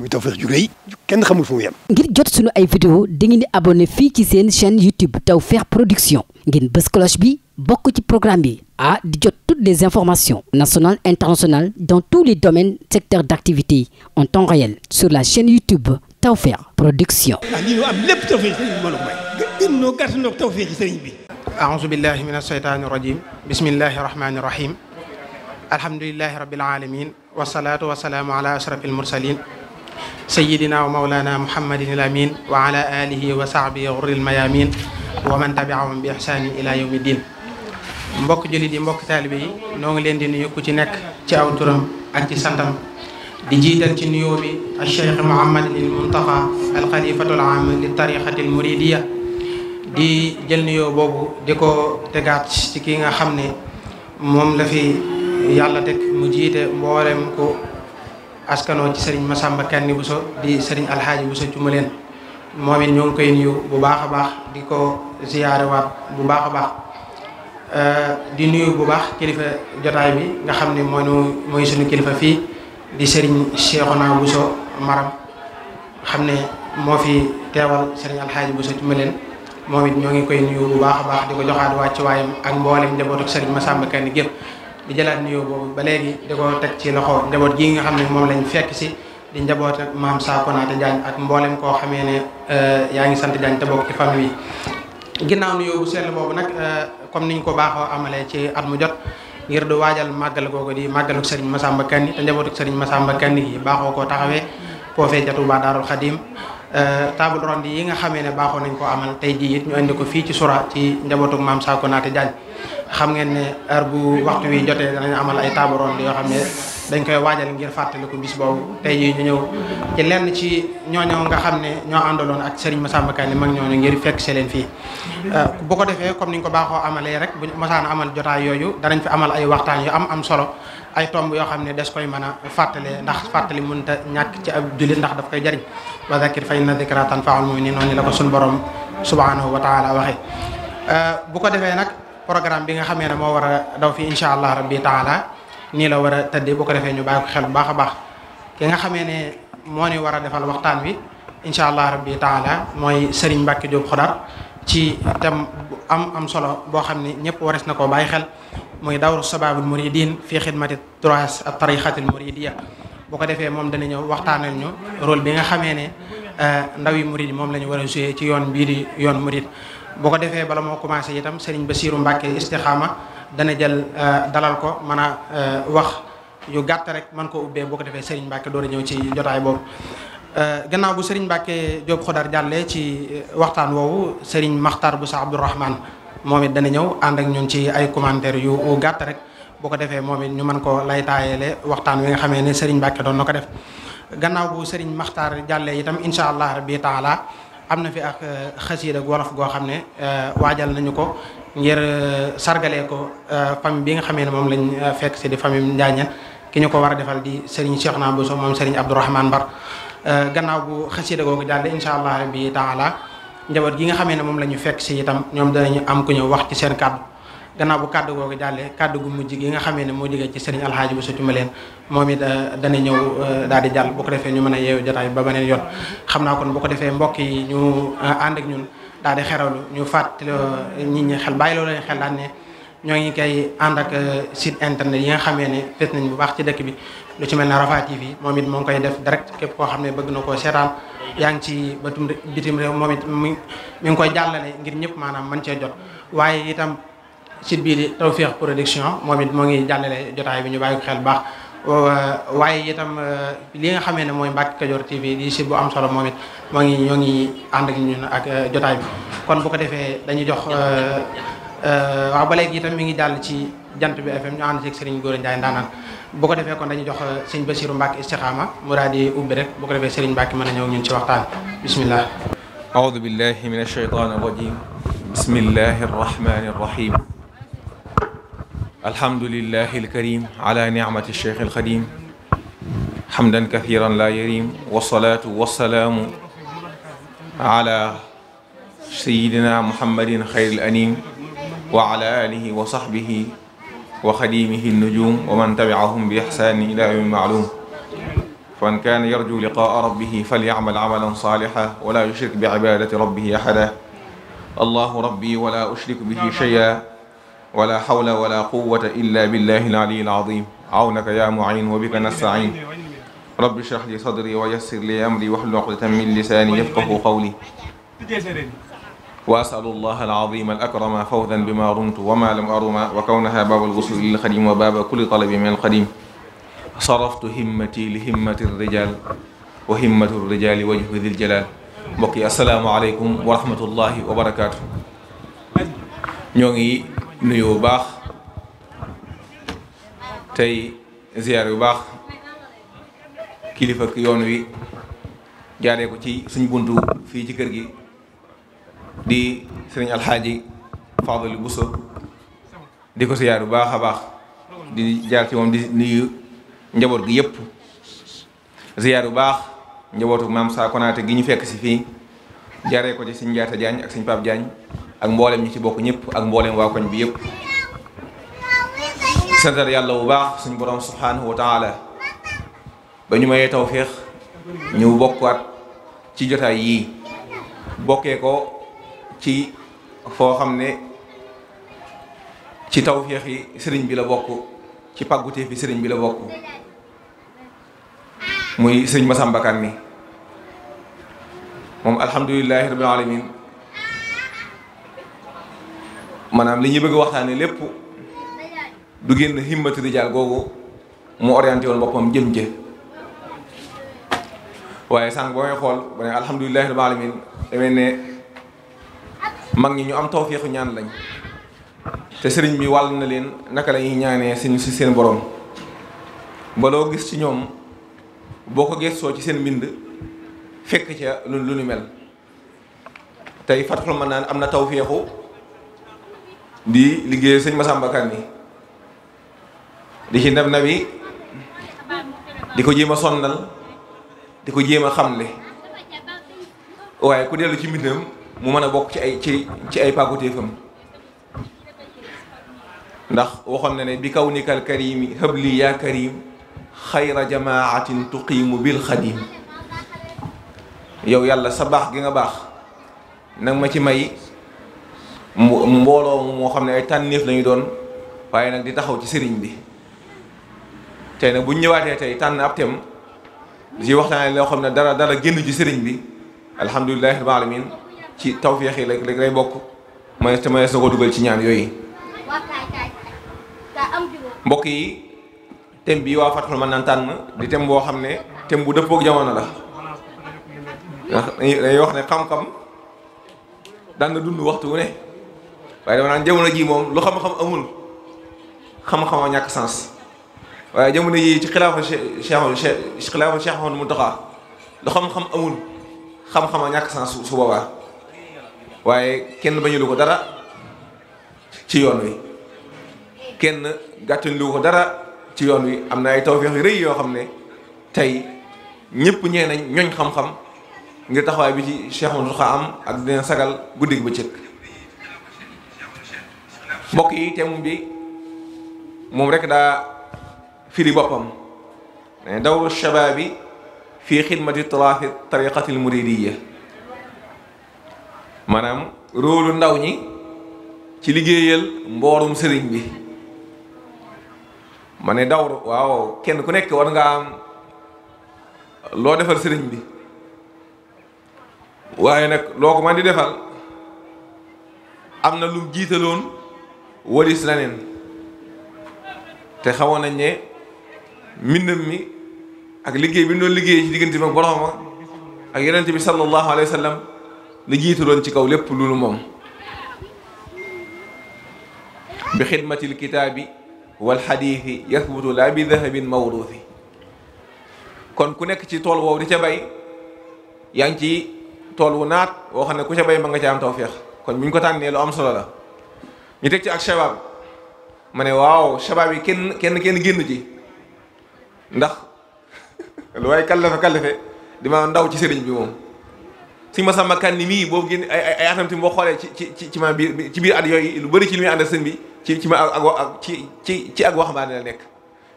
muy Tawfekh ju ngir jot sunu ay vidéo dangeen di abonné fii ci seen chaîne YouTube Tawfekh Production ngeen bës cloche bi bokk ci programme bi ah di jot toutes les informations nationales internationales dans tous les domaines secteurs d'activité en temps réel sur la chaîne YouTube Tawfekh Production. ah lii ñu am lépp Tawfekh sëriñ bi mbooloo mooy. gën gën ñoo gàtt ñoo Tawfekh sëriñ bi. a'uuzu billahi mina shaytaani rajiim bismillahi rahmaani rahiim alhamdulillahi rabbil aalamiin wa salaatu wa salaamu ala ashrafil sayyidina wa mawlana muhammadin al amin wa ala alihi wa sahbihi ghurril mayamin wa man tabi'ahum bi ihsanin ila yawmi din mbokk jullit yi mbokk taalibe yi noo ngi leen di nuyu ku ci nekk ci aw turam ak ci santam di jiital ci nuyoo bi al cheikh Mouhamadin al Muntaqa al xalifatul aam di jël nuyoo boobu di ko tegaat ci ki nga xam ne moom la fi yàlla teg mu jiite mboolem ko askanoo ci sëriñ Masamba Kanni so di sëriñ Alxaaji Bousso Cumaleen moom it ñoo ngi koy nuyu bu baax a baax di ko ziyaare waat bu baax a baax euh, di nuyu bu baax kilifa jotaay bi nga xam ne mooy mooy suñu kilifa fii di sëriñ Cheikhouna Bousso Maram xam ne moo fi teewal sëriñ Alxaaji Bousso Cumaleen moom it ñoo ngi koy nuyu bu baax a baax di ko joxaat wàccuwaayam ak mboolem njabootu sëriñ Masamba Kanni gépp di jëlaat nuyoo boobu ba léegi di ko teg ci loxo njaboot gi nga xam ne moom lañ fekk si di njaboot ak maam Sakonaté Diagne ak mboolem koo xamee ne euh, yaa ngi sant Diagne te bokk ci famille yi. ginnaaw boobu nag euh, comme niñ ko baaxoo amalee ci at mu jot ngir du waajal màggal googu di màggalu Serigne Massamba Kanni te njabootu Serigne Massamba Kanni gi baaxoo koo taxawee foofee ca Touba Darou Khadim euh, table ronde yi nga xamee ne baaxoo nañ ko amal tey jii it ñu indi ko fii ci sura ci njabootu maam Sakonaté Diagne. xam ngeen ne heure bu waxtu wi jotee danañ amal ay table ronde yoo xam ne dañ koy waajal ngir fàttaliku bis boobu te jii ñu ñëw lenn ci ñooñu nga xam ne ñoo àndaloon ak ma Serigne Massamba Kanni mag ñooñu ngir fekk see leen fii. Euh, bu ko defee comme ni ko baaxoo amalee rek bu mosaan amal jotaay yooyu danañ fi amal ay waxtaan yu am am solo ay tomb yoo xam ne des koy mën a fàttale ndax fàttali mënta ñàkk ci ab jullit ndax daf koy jariñ wa zakir fa inna zikra tanfa'ul mu'minin noonu la ko suñu borom subhanahu wa taala waxee euh, bu ko defee nag programme bi nga xamee ne moo war a daw fi incha allah rabbi taala nii la war a tëddee bu ko defee ñu bàyyi xel bu baax a baax ki nga xamee ne moo ne war a defal waxtaan wi incha allah rabbi taala mooy Serigne Mbacke Diop Xodar ci tam am am solo boo xam ne ñëpp wares na ko bàyyi xel muy dawru sababul muridin fi xidmati trois ak tariqatil ya boo ko defee moom dana ñëw waxtaanal ñu rôle bi nga xamee ne euh, ndaw yi murid yi moom la ñu war a joué ci yoon bii di yoon murid boo ko defee bala moo commencé itam Serigne Bassirou Mbacke istixaama dana jël euh, dalal ko mën a euh, wax yu gàtt rek mën ko ubbee boo ko defee Serigne Mbacke door ñëw ci jotaay boobu. Euh, gannaaw bu Serigne Mbacke Diop Xodar jàllee ci waxtaan woowu Serigne Makhtar Boussa Abdourahman moom it dana ñëw ànd ak ñun ci ay commentaire yu gàtt rek boo ko defee moom it ñu mën ko lay taayeele waxtaan wi nga xamee ne Serigne Mbacke doon na ko def gannaaw bu Serigne Makhtar jàllee itam incha allah rabbi taala am na fi ak euh, xasiida wolof goo xam ne euh, waajal nañu ko ngir euh, sargalee ko famille bi nga xamee ne moom lañ fekk si di famille Njaañeen ki ñu ko war a defal di Serigne Cheikh Naa so moom Serigne Abdourahmane Mbar gannaaw bu xasiida googu daal di incha allah rabbi taala njaboot gi nga xamee ne moom la ñu fekk si itam ñoom danañu am ku ñëw wax ci seen kàddu. gannaaw bu kàddu googu jàllee kàddu gu mujj gi nga xamee ne moo jógee ci sëriñ alxaaji bu sutu ma leen moom it euh, dana ñëw euh, daal di jàll bu ko defee ñu mën a yeewu jotaay ba beneen yoon xam naa kon bu ko defee yi ñu euh, ànd ak ñun daal di xerawlu ñu fàttali nit ñi xel bàyyi loolu xel daan ne ñoo ngi koy ànd ak site internet yi xamee ne fës nañ bu baax ci dëkk bi lu ci mel ne Rafah TV moom it moo ngi koy def direct képp koo xam ne bëgg na koo seetaan yaa ngi ci batum bitim réew moom it mi ngi koy jàllale ngir ñëpp maanaam man cee jot waaye itam site bii di Production moom it moo ngi jàllale jotaay bi ñu bàyyi xel baax euh, waaye itam euh, li nga xamee ne mooy Mbacke Kadior TV di site bu am solo moom it moo ngi ñoo ngi ànd ak ñun ak euh, jotaay bi kon bu ko defee dañuy jox waaw ba léegi itam mi ngi jàll ci jant bi FM ñu ànd ci Serigne Gora Ndiaye ndaanaan bu ko defee kon dañuy jox sëñ Bassirou Mbacke Istikhama mu daal di ubbi rek bu ko defee Serigne Mbacke mën a ñëw ñun ci waxtaan bismillah aoudu billahi min alsheytan arrajim alhamdulillahi alkarim ala nicmati cheikh alxadim xamdan kathiran la yarim wasalaatu wasalaamu ala sayidina muhammadin xayril anim wa ala alihi wa sahbihi wa xadimihi nujum wa man tabiahum bi ixsani ila yawmi maalum fa man kaana yarju liqaa rabbihi falyacmal camalan saalixa wala yushrik bi cibaadati rabbihi axada allahu rabbi wala ushriku bihi cheya ولا حول ولا قوة إلا بالله العلي العظيم عونك يا معين وبك نستعين رب اشرح لي صدري ويسر لي أمري واحلل عقدة من لساني يفقه قولي وأسأل الله العظيم الأكرم فوزا بما رمت وما لم أرم وكونها باب الغسل للخديم وباب كل طلب من القديم صرفت همتي لهمة الرجال وهمة الرجال وجه ذي الجلال mbokk yi asalaamaaleykum wa rahmatullahi wa barakaatu ñoo ngi nuyu bu baax tey ziar bu baax kilifa ak yoon wi jaaree ko ci suñ buntu fii ci kër gi di sëriñ alxaaji Fadil Bousso di ko ziar bu baax a baax di jaar ci moom di nuyu njaboot gi yëpp ziar bu baax njabootu maam saa konaate gi ñu fekk si fii jaaree ko ci suñ jaata jaañ ak suñ Pape Jaañ ak mboolem ñi ci bokk ñëpp ak mboolem waa koñ bi yëpp santal yàlla bu baax suñ borom subhanahu wa taala ba ñu mayee tawféex ñu bokkaat ci jotaay yii bokkee ci foo xam ne ci tawféex yi sëriñ bi la bokk ci pàgguteef bi sëriñ bi la bokk muy sëriñ Masamba Kanni moom alhamdulilahi rabbil alamin manaam li ñuy bëgg waxtaane lépp du génn himmatu rijaal googu mu orienté woon boppam jëm je waaye sànq ba may xool ba ne alhamdulilahi rabbil alamin ne mag ñi ñu am tawféexu ñaan lañ te sëriñ bi wàll na leen naka la ñuy ñaanee seen si seen boroom baloo gis ci ñoom boo ko gëstoo ci seen mbind fekk ca lu lu nu mel tey Fathul Manaan am na tawféexu di liggéey sëñ Massamba Kanni di ci ndem na bi di ko jéem a sonnal di ko jéem a xamle waaye ku dellu ci mbindam mu mën a bokk ci ay ci ci ay pàkkutéefam ndax waxoon na ne bi kaw nikal karimi hëbli yaa karim xayra jamaatin mu bil xadim yow yàlla sa baax gi nga baax nag ma ci may mbooloo moo xam ne ay tànnéef lañu doon waaye nag di taxaw ci sëriñ bi tey nag bu ñu ñëwaatee tey tànn ab tem di ci waxtaanee loo xam dara dara génn ci sëriñ bi alhamdulilahi rabbil alamin ci tawféex yi rek bokk manees te manees ci ñaan yooyu mbokk yi tem bi waa Fathul Manaan tànn di tem boo xam ne tem bu dëppook jamono la ndax dañuy wax ne xam-xam daan na dund waxtu ne waaye dama naan jamono ji moom lu xam-xam amul xam ñàkk sens waaye jamono ji ci xilaafa cheikh xilaafa cheikh Mouhamadou xam-xam amul xam-xamoo ñàkk sens su boobaa waaye kenn bañu lu ko dara ci yoon wi kenn gàttuñ lu ko dara ci yoon wi am na ay tawfeex yu rëy yoo xam ne tey ñëpp ñee nañ ñooñ xam-xam ngir taxawaay bi ci Cheikh Mountakha am ak dina sagal guddi gi ba cëkk mbokk yi thème bi moom rek daa firi boppam dawru shabaabi fi xidmati turaasi tariqatil muridiya maanaam róolu ndaw ñi ci liggéeyal mboorum sëriñ bi ma ne dawru waaw kenn ku nekk war nga am loo defal sëriñ bi waaye nag loo ko man di defal am na lu lum jiitaloon walis leneen te xawoon nañ ne mbindam mi ak liggéey bi mu doon liggéey ci diggante ak borooma ak yonent bi sallallahu alayhi wa sallam la jiitu doon ci kaw lépp loolu moom bi xidmati lkitaabi walxadiisi yasbutu laa bi dahabin mawruusi kon ku nekk ci tool woowu di ca bay yaa ngi ci tool wu naat woo xam ne ku ca bay ma nga ca am tawféex kon bu ñu ko tànnee lu am solo la ñu teg ci ak shabaab ma ne waaw shabaab yi kenn kenn kenn génn ci ndax lu waaye kallafe kallafe dima ndaw ci sëriñ bi moom suñu masamba mii boo génn ay ay atam tamit xoolee ci ci ci ci ma biir ci biir yooyu lu bëri ci li muy àndal sëñ bi ci ci ma ak ci ci ci ak waxambaane nekk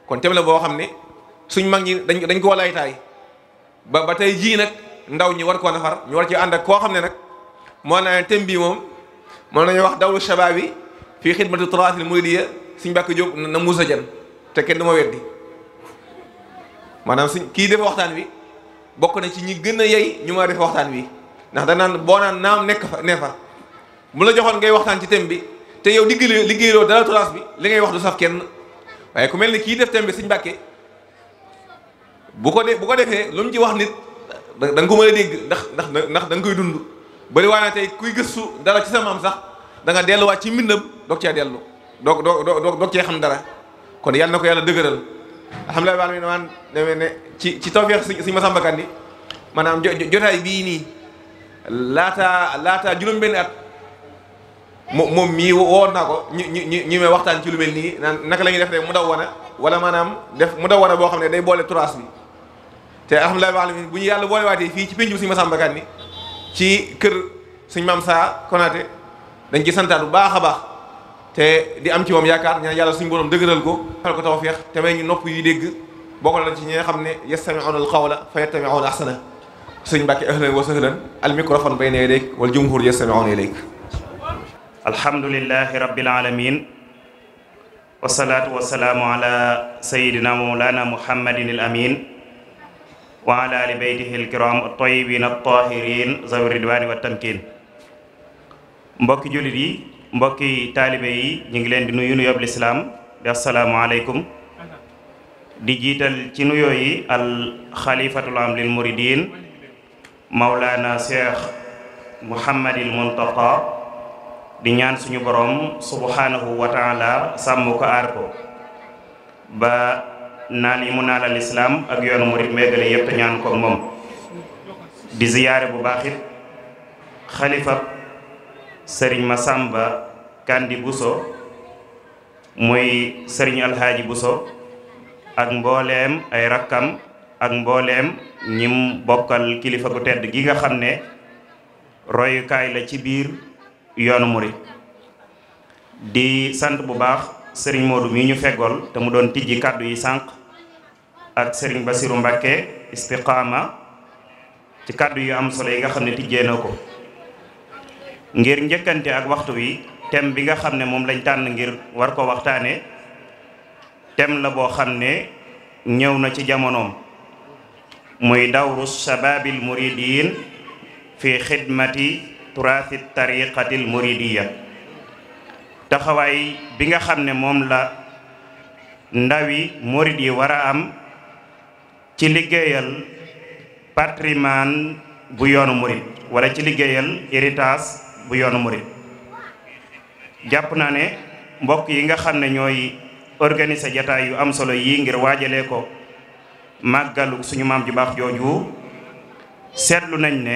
kon tem boo xam ne suñ mag ñi dañ dañ ko walaay taay ba ba tey jii nag ndaw ñi war koo nafar ñu war ci ànd koo xam ne nag moo naa tem bii moom mën nañu wax dawlu shabaab yi fii xidmati turasil muridiyya suñ mbàkk jóob na muusa jan te kenn du ma weddi maanaam suñ kii def waxtaan wi bokk na ci ñi gën a yey ñu ma def waxtaan wi ndax danaan boo naan naam nekk fa ne fa mu la joxoon ngay waxtaan ci thème bi te yow liggéey liggéeyloo dara turaas bi li ngay wax du saf kenn waaye ku mel ni kii def thème bi suñ mbàkke bu ko de bu ko defee lu mu ci wax nit da nga ko mën a dégg ndax ndax ndax da nga koy dund bari waa na tey kuy gëstu dara ci sa maam sax da nga delluwaat ci mbindam doog cee dellu doog doog doog doog cee xam dara kon yàlla na ko yàlla dëgëral alhamdulilah wala mi namaan demee ne ci ci tawfeex si suñu Masamba Kandi maanaam jotaay bii nii laataa laataa juróom-benn at mo moom mii woon naa ko ñu ñu ñu may waxtaan ci lu mel nii naan naka la ñuy def rek mu daw wana wala maanaam def mu daw wana boo xam ne day boole turaas bi te alhamdulilah wala mi bu ñu yàlla boolewaatee fii ci pénc bi suñu Masamba Kandi ci kër suñ maam saa Konaté dañ ci santaat bu baax a baax te di am ci moom yaakaar ñaan yàlla suñu borom dëgëral ko xel ko tawfeex te may ñu nopp yuy dégg bokk na ci ñi nga xam ne yastami'una al-qawla fa yattabi'una ahsana sëñ Mbàkke ahlan wa sahlan al microphone bayna yadayk wal jumhur yastami'una ilayk alhamdulillahi rabbil alamin wasalaatu wasalaamu ala sayidina mawlana muhammadin al amin wa ala ali baytihi al kiram at tayyibin at tahirin zawi ridwani wat tamkin mbokki jullit yi mbokki taalibe yi ñu ngi leen di nuyu nuyoob lislaam di assalaamu aleykum di jiital ci nuyoo yi al xalifatul am lil muridin mawlaana cheikh muhammadil muntaqa di ñaan suñu boroom subhanahu wa taala sàmm ko aar ko ba naan yi mu naa al islaam ak yoonu murid méegale yëpp ñaan ko moom di ziyaare bu baax it sëriñ ma Masamba Kandi Bousso muy sëriñ Alxaaji Bousso ak mbooleem ay rakkam ak mbooleem ñim bokkal kilifa gu tedd gi nga xam ne royukaay la ci biir yoonu murit di sant bu baax sëriñ Modou mi ñu fegool te mu doon tijji kàddu yi sànq ak sëriñ Basiru mbakke istiqaama ci kàddu yu am solo yi nga xam ne tijjee na ko ngir njëkkante ak waxtu wi thème bi nga xam ne moom lañ tànn ngir war ko waxtaane tem la boo xam ne ñëw na ci jamonoom muy dawru sababil muridin fi xidmati turaasi tariqatil muridiya taxawaay bi nga xam ne moom la ndawi murid yi war a am ci liggéeyal patrimoine bu yoonu murid wala ci liggéeyal héritage bu yoonu murit jàpp naa ne mbokk yi nga xam ne ñooy organiser jataay yu am solo yii ngir waajale ko màggalu suñu maam ju baax jooju seetlu nañ ne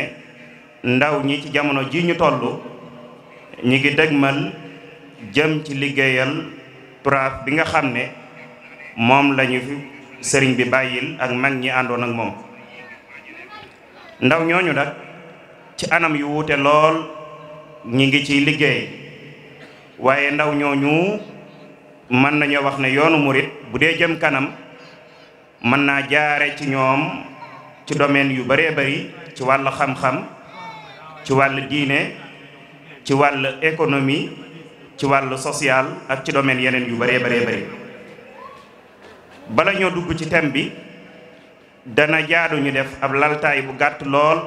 ndaw ñi ci jamono ji ñu toll ñi ngi dëgmal jëm ci liggéeyal turaaf bi nga xam ne moom lañu fi sëriñ bi bàyyil ak mag ñi àndoon ak moom ndaw ñooñu nag ci anam yu wuute lool ñi ngi ciy liggéey waaye ndaw ñooñu mën nañoo wax ne yoonu murit bu dee jëm kanam mën naa jaare ci ñoom ci domaine yu bëree bari ci wàllu xam-xam ci wàll diine ci wàll économie ci wàll social ak ci domaine yeneen yu bëree bari bëri bala ñoo dugg ci tem bi dana jaadu def ab laltaay bu gàtt lool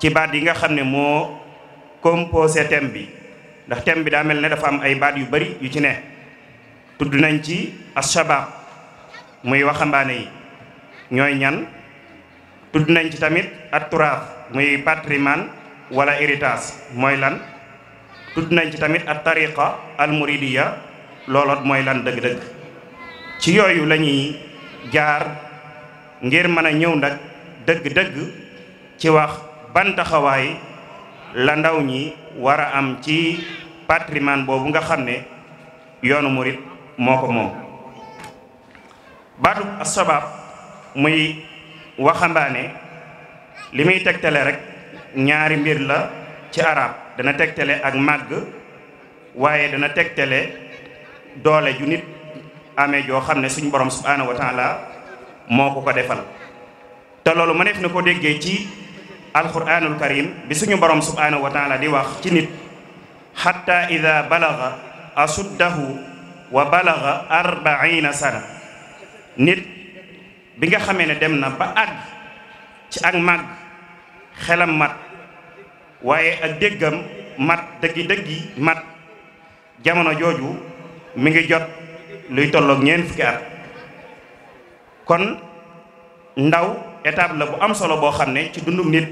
ci baat yi nga xam ne moo composé thème bi ndax thème bi daa mel ne dafa am ay baat yu bari yu ci ne tudd nañ ci ashabab muy waxambaane yi ñooy ñan tudd nañ ci tamit atturaaf muy patrimoine wala héritage mooy lan tudd nañ ci tamit at tariqa al muridiya looloot mooy lan dëgg-dëgg ci yooyu la jaar ngir mën a ñëw nag dëgg-dëgg ci wax ban taxawaay la ndaw ñi war a am ci patrimoine boobu nga xam ne yoonu murit moo ko moom baatu asabab muy waxambaane li muy tegtale rek ñaari mbir la ci arab dana tegtale ak màgg waaye dana tegtale doole ju nit amee joo xam ne suñ borom subhaanahu wa taala moo ko ko defal te loolu mëneef na ko déggee ci alquranul karim bi suñu borom subhanahu wa taala di wax ci nit xatta ida balaga asuddahu wa balaga arbaina sana nit bi nga xamee ne dem na ba àgg ci ak màgg xelam mat waaye ak déggam mat dëggi-dëggi mat jamono jooju mi ngi jot luy tolloog ñeent fukki at kon ndaw étape la bu am solo boo xam ne ci dunduk nit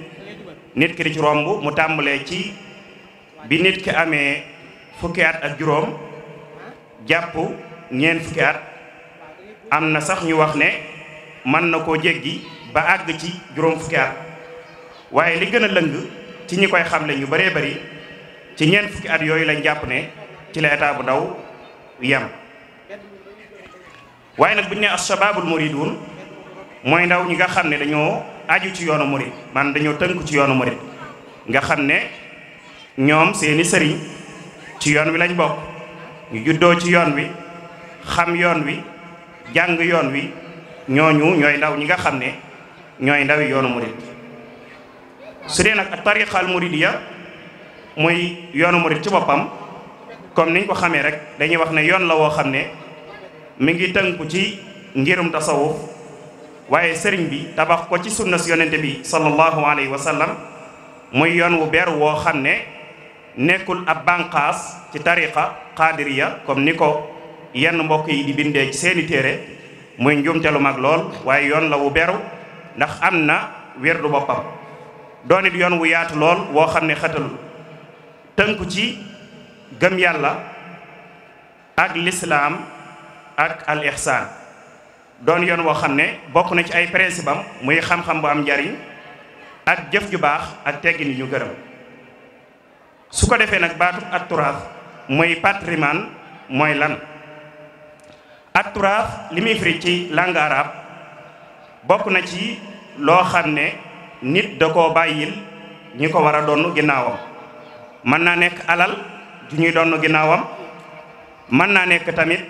nit ki di ci romb mu tàmbalee ci bi nit ki amee fukki at ak juróom jàpp ñeent fukki at am na sax ñu wax ne mën na koo jéggi ba àgg ci juróom fukki at waaye li gën a lëng ci ñi koy xamle ñu bëree bari ci ñeent fukki at yooyu lañ jàpp ne ci la état bu ndaw yem waaye nag bu ñu ne ashababul muridun mooy ndaw ñi nga xam ne dañoo aju ci yoonu murit man dañoo tënku ci yoonu murit nga xam ne ñoom seeni sëriñ ci yoon wi lañ bokk ñu juddoo ci yoon wi xam yoon wi jàng yoon wi ñooñu ñooy ndaw ñi nga xam ne ñooy ndawi yoonu murit su dee nag tariqa al muridiya muy yoonu murit ci boppam comme niñ ko xamee rek dañuy wax ne yoon la woo xam ne mi ngi tënku ci ngirum tasawuf waaye sëriñ bi tabax ko ci sunna si yonente bi sallallahu alayhi wa muy yoon wu beer woo xam ne nekkul ab bànqaas ci tariqa qaadiriya comme ni ko yenn mbokk yi di bindee ci seeni téere muy njuumte mag lool waaye yoon la wu beru ndax am na werdu boppam doon it yoon wu yaatu lool woo xam ne xatal tënku ci gëm yàlla ak lislaam ak al doon yoon woo xam ne bokk na ci ay principe am muy xam-xam bu am njariñ ak jëf ju baax ak teggin yu ñu gërëm su ko defee nag baatub at turaaf muy patrimoine mooy lan at turaaf li muy ci langue bokk na ci loo xam ne nit da ko bàyyil ñi ko war a donn ginnaawam mën naa nekk alal ju ñuy donn ginnaawam mën naa nekk tamit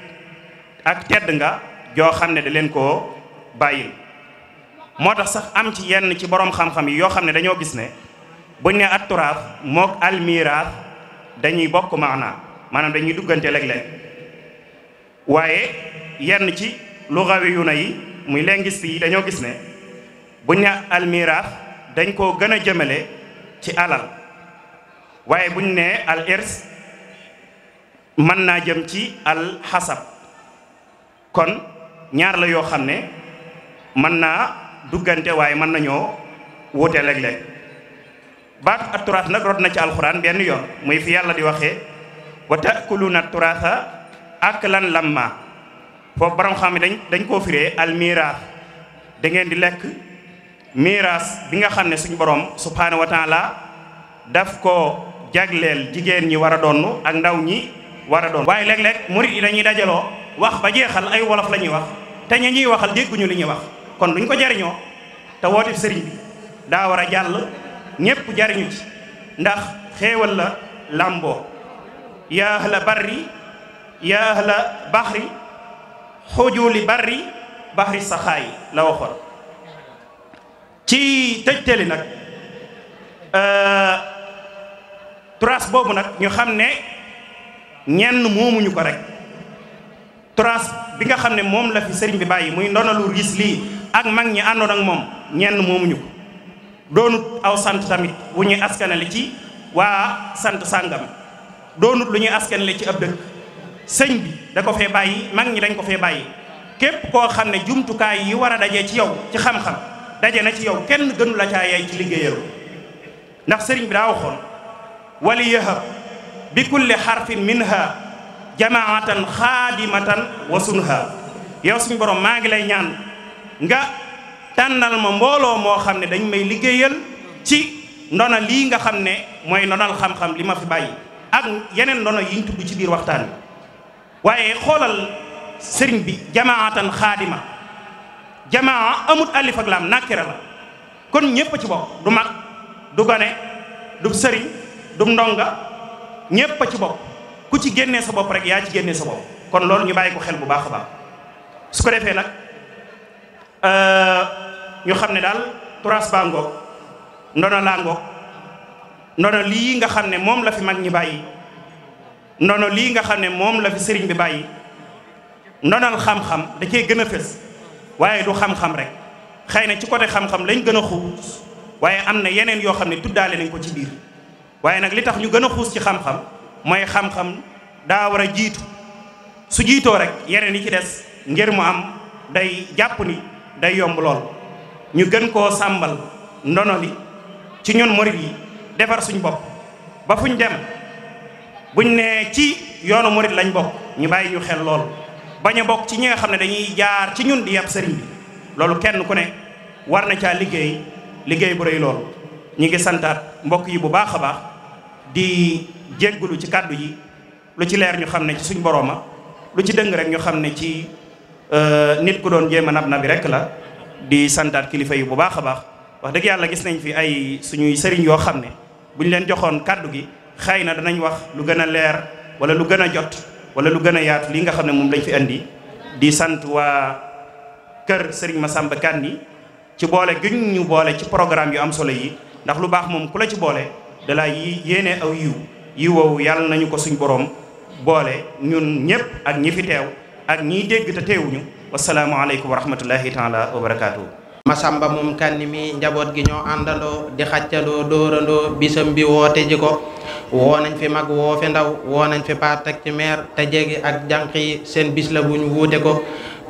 ak tedd nga joo xam ne da leen koo bàyyil moo tax sax am ci yenn ci boroom xam-xam yi yoo xam ne dañoo gis ne buñ ne atturaaf mook almiraaf dañuy bokk maanaa maanaam dañuy duggante léeg-léeg waaye yenn ci lugawi yu na yi muy linguiste yi dañoo gis ne buñ ne almiraaf dañ koo gën a jëmale ci alal waaye buñ ne al irs mën naa jëm ci al xasab kon ñaar la yoo xam ne mën naa duggante waaye mën nañoo wute léeg-léeg baatu at turaas nag rot na ci alxuraan benn yoon muy fi yàlla di waxee wa taakuluuna turaasa aklan lamma foofu borom xam ne dañ dañ koo firee al miraas dangeen di lekk miraas bi nga xam ne suñ borom subhaanahu wa daf ko jagleel jigéen ñi war a donn ak ndaw ñi war a donn waaye léeg-léeg murit yi dañuy dajaloo wax ba jeexal ay wolof la ñuy wax te ña ñuy waxal dégguñu li ñuy wax kon duñ ko jariñoo te woote sëriñ bi daa war a jàll ñépp jariñu ci ndax xéewal la làmboo yaa ahla barri yaa ahla baxri xujuli barri baxri saxaay la waxoon ci tëjtali nag euh, trace boobu nag ñu xam ne ñenn moomuñu ko rek trace bi nga xam ne moom la fi sëriñ bi bàyyi muy ndonalu riis lii ak mag ñi àndoon ak moom ñenn moomuñu ko doonut aw sant tamit wu ñuy askanale ci waa sant sàngam doonut lu ñuy askanale ci ab sëñ bi da ko fee bàyyi mag ñi dañ ko fee bàyyi képp koo xam ne jumtukaay yi war a daje ci yow ci xam-xam daje na ci yow kenn gënu la caa yaay ci liggéeyal ndax sëriñ bi daa waxoon wali yahab bi kulli xarfin minha jamaatan xaadimatan wa sunha yow suñu borom maa ngi lay ñaan nga tànnal ma mbooloo moo xam ne dañ may liggéeyal ci ndona lii nga xam ne mooy ndonal xam-xam li ma fi bàyyi ak yeneen ndono yiñ tudd ci biir waxtaan wi waaye xoolal sëriñ bi jamaatan xaadima jamaa amut alif ak laam nàkkira kon ñépp a ci bokk du mag du gone du sëriñ du ndonga ñépp ci bokk ku ci génnee sa bopp rek yaa ci génne sa bopp kon loolu ñu bàyyi ko xel bu baax a baax su ko defee nag euh, ñu xam ne daal turas baa ngoog ndono laa ngoog ndono lii nga xam ne moom la fi mag ñi bàyyi ndono lii nga xam ne moom la fi sëriñ bi bàyyi ndonal xam-xam da cee gën a fës waaye du xam-xam rek xëy na ci côté xam-xam lañ gën a xuus waaye am na yeneen yoo xam ne tuddaale nañ ko ci biir waaye nag li mooy xam-xam daa war a jiitu su jiitoo rek yeneen yi ci des ngir mu am day jàpp ni day yomb lool ñu gën koo sàmbal ndono li ci ñun murit yi defar suñ bopp ba fuñ dem buñ ne ci yoonu murit lañ bokk ñu bàyyi ñu xel lool bañ a bokk ci ñi nga xam ne dañuy jaar ci ñun di yàpp sëriñ loolu kenn ku ne war na caa liggéey liggéey bu rëy lool ñu ngi mbokk yi bu baax a baax di jéggulu ci kàddu yi lu ci leer ñu xam ne ci suñ borooma lu ci dëng rek ñu xam ne ci euh, nit ku doon jéem a nab nabi rek la di santaat kilifa yi bu baax a baax wax dëgg yàlla gis nañ fi ay suñuy sëriñ yoo xam ne buñ leen joxoon kàddu gi xëy na danañ wax lu gën a leer wala lu gën a jot wala lu gën a yaat lii nga xam ne moom lañ fi andi di sant waa kër sëriñ ma Massamba Kanni ci boole gi ñu boole ci programme yu am solo yi ndax lu baax moom ku la ci boole yi wow yal nañu ko suñ boroom boole ñun ñëpp ak ñi fi teew ak ñiy dégg te teewuñu wasalaamualeykum wa rahmatullahi taala wa barakaatu. Masamba moom kan mi njaboot gi ñoo àndandoo di xàccandoo dóorandoo bisam bi woote ji ko woo nañ fi mag woo ndaw woonañ nañ fi paat ak ci te jegi ak jànq yi seen bis la buñ wuute ko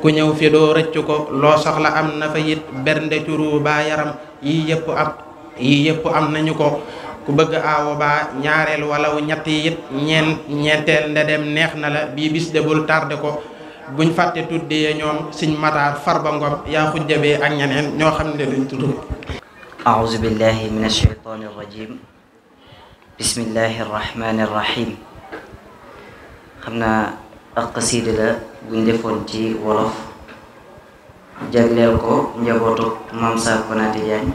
ku ñëw fi doo rëcc ko loo soxla am na fa it bernde turu ba yaram yii yëpp am yii yëpp am nañu ko. ku bëgg aawo baa ñaareel wala ñetti it ñeenteel nde dem neex na la bii bis de bul tardé ko buñ fàtte tudde ñoom siñ mataar farba ngom yaa xujjabee ak ñeneen ñoo xam ne duñ tudd aouzu billahi min alsheytan arrajim bismillahi arrahmani arrahim xam naa ak xasiida la buñ defoon ci wolof jagleel ko njabootu Mame Sakonaté Diagne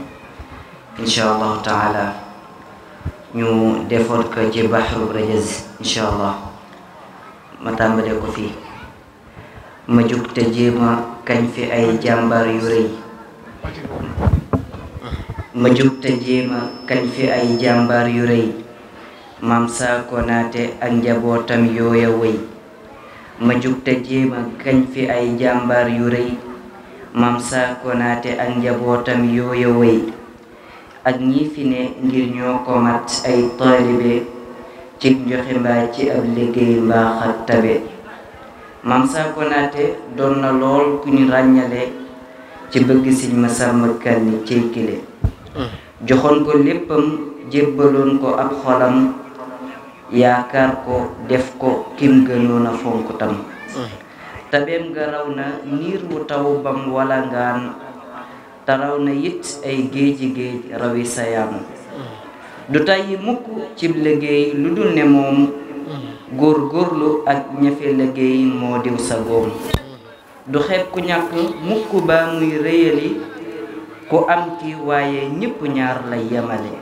incha taala ñu defoon ko ci baxru rajaz incha allah ma tàmbalee ko fi yu rëy ma jug te kañ fi ay jàmbaar yu rëy maam saako naate ak njabootam yooya wëy ma jug fi ay jàmbaar yu rëy maam saako ak njabootam yooya ak ñi fi ne ngir ñoo ko mat ay taalibe ci joxe ci ab liggéey mbaa xat tabe maam Sakho Naate doon na lool ku ñu ràññale ci bëgg siñ ma sàmm kanni ceykile joxoon ko léppam jébbaloon ko ab xolam yaakaar ko def ko kim gënoon fonk tam mm. tabeem nga raw na niir wu taw bam wala ngaan te na it ay géeji géej rawi sayaam du tàyyi mukk ci liggéey lu dul ne moom góor góorlu ak ñafe liggéey moo diw sa góom du xeeb ku ñàkk mukk baa muy réyali ku am ki waaye ñépp ñaar lay yemale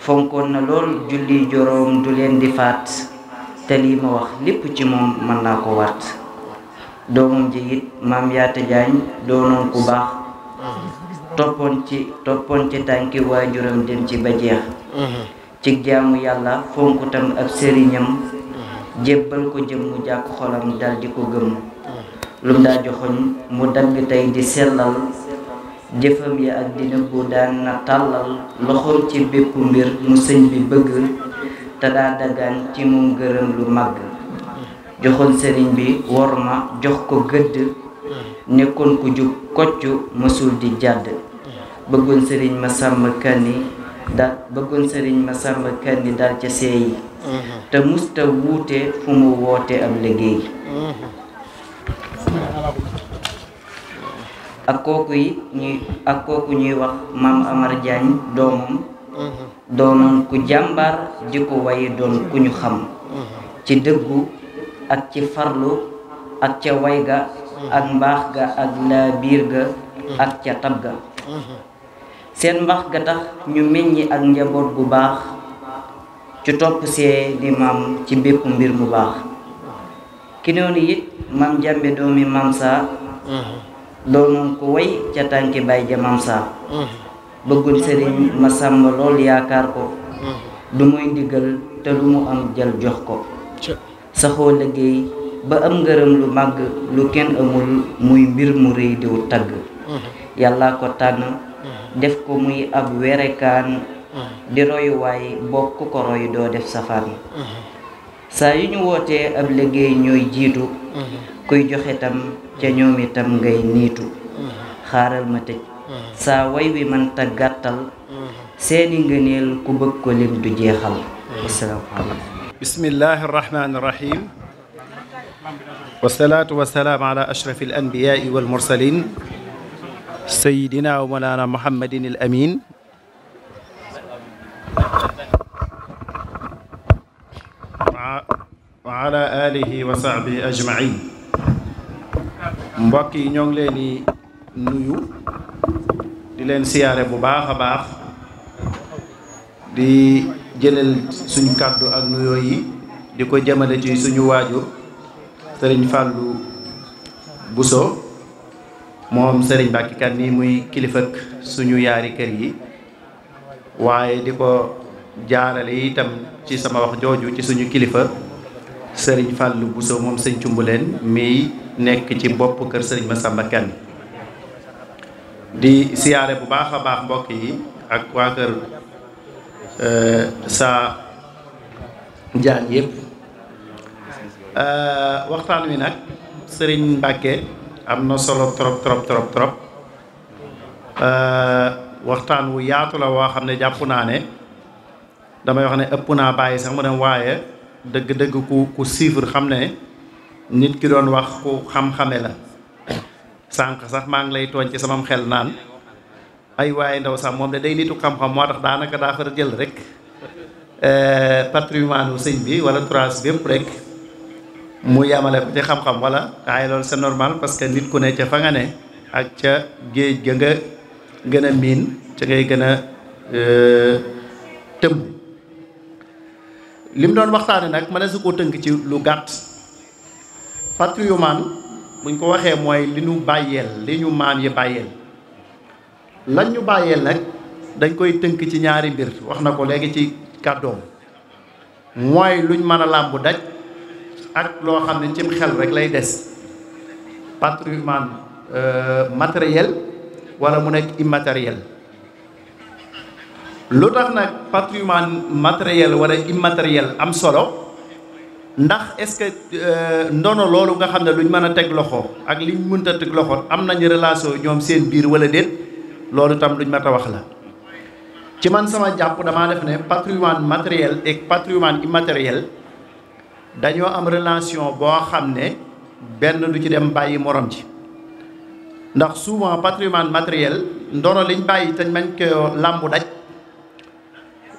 fonkoon na lool julli joroom du leen di faat te lii ma wax lépp ci moom mën naa ko waat doomam ji it maam yaata jaañ doonoon ku baax toppoon ci toppoon ci tànki waajuram dem ci ba jeex mhm. ci jaamu yàlla fonk ab sëriñam mhm. jébbal ko jëm mu jàkk xolam dal di ko gëm mhm. lum daa joxoñ mu dagg tey di sellal jëfam yi ak dina bu daan na tàllal loxoom ci bépp mbir mu sëñ bi bëgg te daa dagaan ci moom gërëm lu màgg joxoon sëriñ bi wor ma jox ko gëdd nekkoon ku jub kocc mësul di jàdd bëggoon sëriñ ma sàmm kanni daal bëggoon sëriñ ma sàmm kanni daal ca seeyi mm-hmm. te musta wuute fu mu woote ab liggéey mm-hmm. ak kooku yi ñuy ak kooku ñuy wax maam Amar Diagne doomam mm-hmm. doonoon ku jàmbaar di ko waye doon ku ñu xam ci dëggu ak ci farlu ak ca way ak mbaax ga ak laa biir ga ak ca tab ga seen mbaax ga tax ñu meññi ak njaboot bu baax ci topp see di maam ci bépp mbir mu baax ki noonu it maam jàmbe doomi maam saa doonoon ko way ca tànki baay ja maam saa bëggul sëriñ ma sàmba lool yaakaar ko du muy ndigal te lu mu am jël jox ko saxoo liggéey ba am ngërëm lu màgg lu kenn amul muy mbir mu rëy diw tagg mhm. yàlla ko tànn mhm. def ko muy ab werekaan mhm. di royuwaay bokk ko roy doo def safaan saa yu ñu wootee ab liggéey ñooy jiitu kuy joxe tam ca ñoom itam ngay niitu xaaral ma tëj saa way wi man ta gàttal seeni ngëneel ku bëgg ko lim du jeexal asalaamaaleykum wasalaatu wasalaam ala ashraf alanbiyaai walmursalin sayidina wa molaana mohammadin al amin wa ala alihi wa sahbihi ajmain mbokk yi ñoo ngi leen di nuyu di leen siyaare bu baax a baax di jëlal suñu kàddu ak nuyoo di ko jëmale ci suñu waajur sëriñ Fallou buso moom sëriñ Mbacke Kani muy kilifa suñu yaari kër yi waaye di ko jaarale itam ci sama wax jooju ci suñu kilifa sëriñ Fallou Bousso moom sëñ Cumbuleen mi nekk ci bopp kër sëriñ Massamba Kani di siyaare bu baax a baax mbokk yi ak waa kër euh, sa jaan yépp Euh, waxtaan wi nag sëriñ Mbàkke am na solo trop trop trop trop euh, waxtaan wu yaatu la woo xam ne jàpp naa ne damay wax ne ëpp naa bàyyi sax mu dem waaye dëgg-dëgg ku ku xam ne nit ki doon wax ku xam-xame la sànq sax maa ngi lay tooñ ci sama xel naan ay waaye ndaw sax moom de day nitu xam-xam moo tax daanaka daa far jël rek euh, patrimoine wu sëñ bi wala trace bépp rek mu yamale ko ci xam-xam wala waaye loolu sa normal parce que nit ku ne ca fa nga ne ak ca géej ga nga gëna a miin ca ngay gën a euh, tëmb li mu doon waxtaane nag mën na su tënk ci lu gàtt patrimoine buñ ko waxee mooy li ñu bàyyeel li ñu maam yi bàyyeel lan ñu bàyyeel nag dañ koy tënk ci ñaari mbir wax na ko léegi ci kàddoom mooy luñ mën a làmb daj ak loo xam ne cim xel rek lay des patrimoine euh, matériel wala mu nekk immatériel lu tax nag patrimoine matériel wala immatériel am solo ndax est-ce que euh, ndono loolu nga xam ne luñ mën a teg loxo ak liñ mënta teg loxo am nañ relation ñoom seen biir wala déet loolu tam luñ mat a wax la ci man sama jàpp damaa def ne patrimoine matériel ak patrimoine immatériel dañoo am relation boo xam ne benn du ci dem bàyyi morom ji ndax souvent patrimoine matériel ndono liñ bàyyi te mañ ko làmbu daj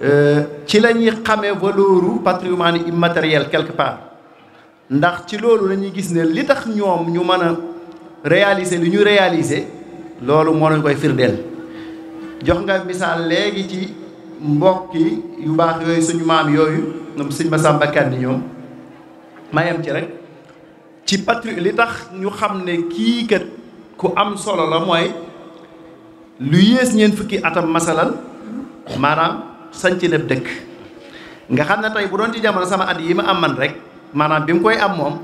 euh, ci la ñuy xamee valeuru patrimoine immatériel quelque part ndax ci loolu la ñuy gis ne li tax ñoom ñu mën a réaliser li ñuy réaliser loolu moo lañ koy firndeel jox nga misaal léegi ci mbokki yu baax yooyu suñu maam yooyu ñoom sëñ Masamba Kanni ñoom ma yem ci rek ci patri li tax ñu xam ne kii kat ku am solo la mooy lu yées ñeent fukki atam masalan maanaam sañc ci neb dëkk nga xam ne tey bu doon ci jamono sama at yi ma am man rek maanaam bi mu koy am moom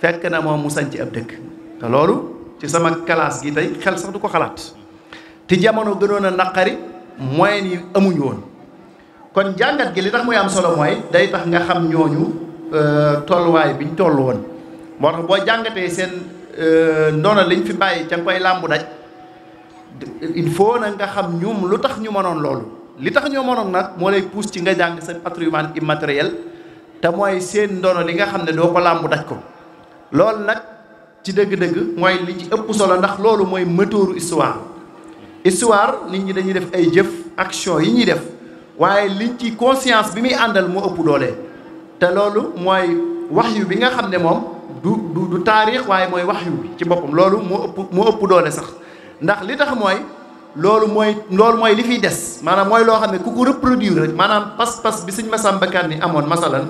fekk na moom mu sañ ab dëkk te loolu ci sama kalaas gi tey xel sax du ko xalaat ti jamono gënoon a naqari moyens yi amuñu woon kon jàngat gi li tax muy am solo mooy day tax nga xam ñooñu Euh, tolluwaay bi ñu toll woon moo tax boo jàngatee seen euh, ndono liñ fi bàyyi ca nga koy làmbu daj il faut nag nga xam ñoom lu tax ñu mënoon loolu li tax ñoo mënoon nag moo lay pousse ci nga jàng seen patrimoine immatériel te mooy seen ndono li nga xam ne doo ko làmbu daj ko loolu nag ci dëgg-dëgg mooy li ci ëpp solo ndax loolu mooy moteuru histoire histoire nit ñi dañuy def ay jëf action yi ñuy def waaye liñ ci conscience bi muy àndal moo ëpp doole. te loolu mooy wax waxyu bi nga xam ne moom du du du taarix waaye mooy waxyu bi ci boppam loolu moo ëpp moo ëpp doole sax ndax li tax mooy loolu mooy loolu mooy li fiy des maanaam mooy loo xam ne ku ko reproduire rek maanaam pas-pas bi sëñ Massamba ni amoon masalan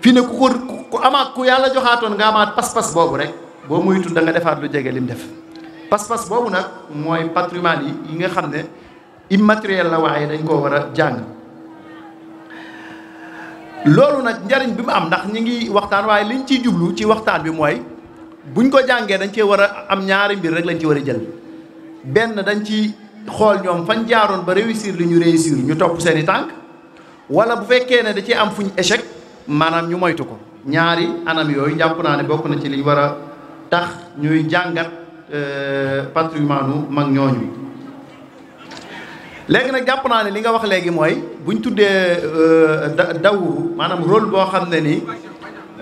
fii ne ku ko ku amaat ku yàlla joxaatoon nga amaat pas-pas boobu rek boo muytul da nga defaat lu jege lim def pas-pas boobu nag mooy patrimoine yi yi nga xam ne immatériel la waaye dañ koo war a jàng loolu nag njariñ bi mu am ndax ñi ngi waxtaan waaye liñ ciy jublu ci waxtaan bi mooy buñ ko jàngee dañ cee war a am ñaari mbir rek lañ ci war a jël benn dañ ci xool ñoom fañ jaaroon ba réussir li ñu réussir ñu topp seen i tànk wala bu fekkee ne da cee am fuñ échec maanaam ñu moytu ko ñaari anam yooyu jàpp naa ne bokk na ci liñ war a tax ñuy jàngat euh, patrimoine mag bi léegi nag jàpp naa ne li nga wax léegi mooy buñ tuddee euh, dawru maanaam rôle boo xam ne ni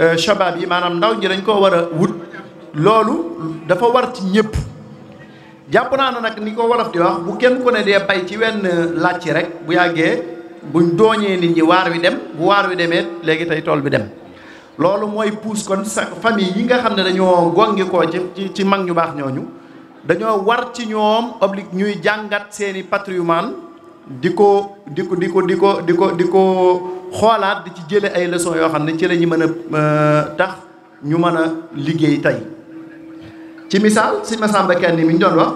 euh, shabab yi maanaam ndaw ji dañ koo war a wut loolu dafa war ci ñëpp jàpp naa ne nag ni ko wolof di wax bu kenn ku ne dee bay ci wenn làcc rek bu yàggee buñ dooñee nit ñi waar wi dem bu waar wi demee léegi tey tool bi dem loolu mooy pousse kon sa famille yi nga xam ne dañoo gongi koo ci ci mag ñu baax ñooñu dañoo war ci ñoom obli ñuy jàngat seeni patrimoine di ko di ko di ko di ko di ko di ko xoolaat di ci jële ay leçons yoo xam ne ci la mën a euh, tax ñu mën a liggéey tey ci misaal si Massamba Kanni mi ñu doon wax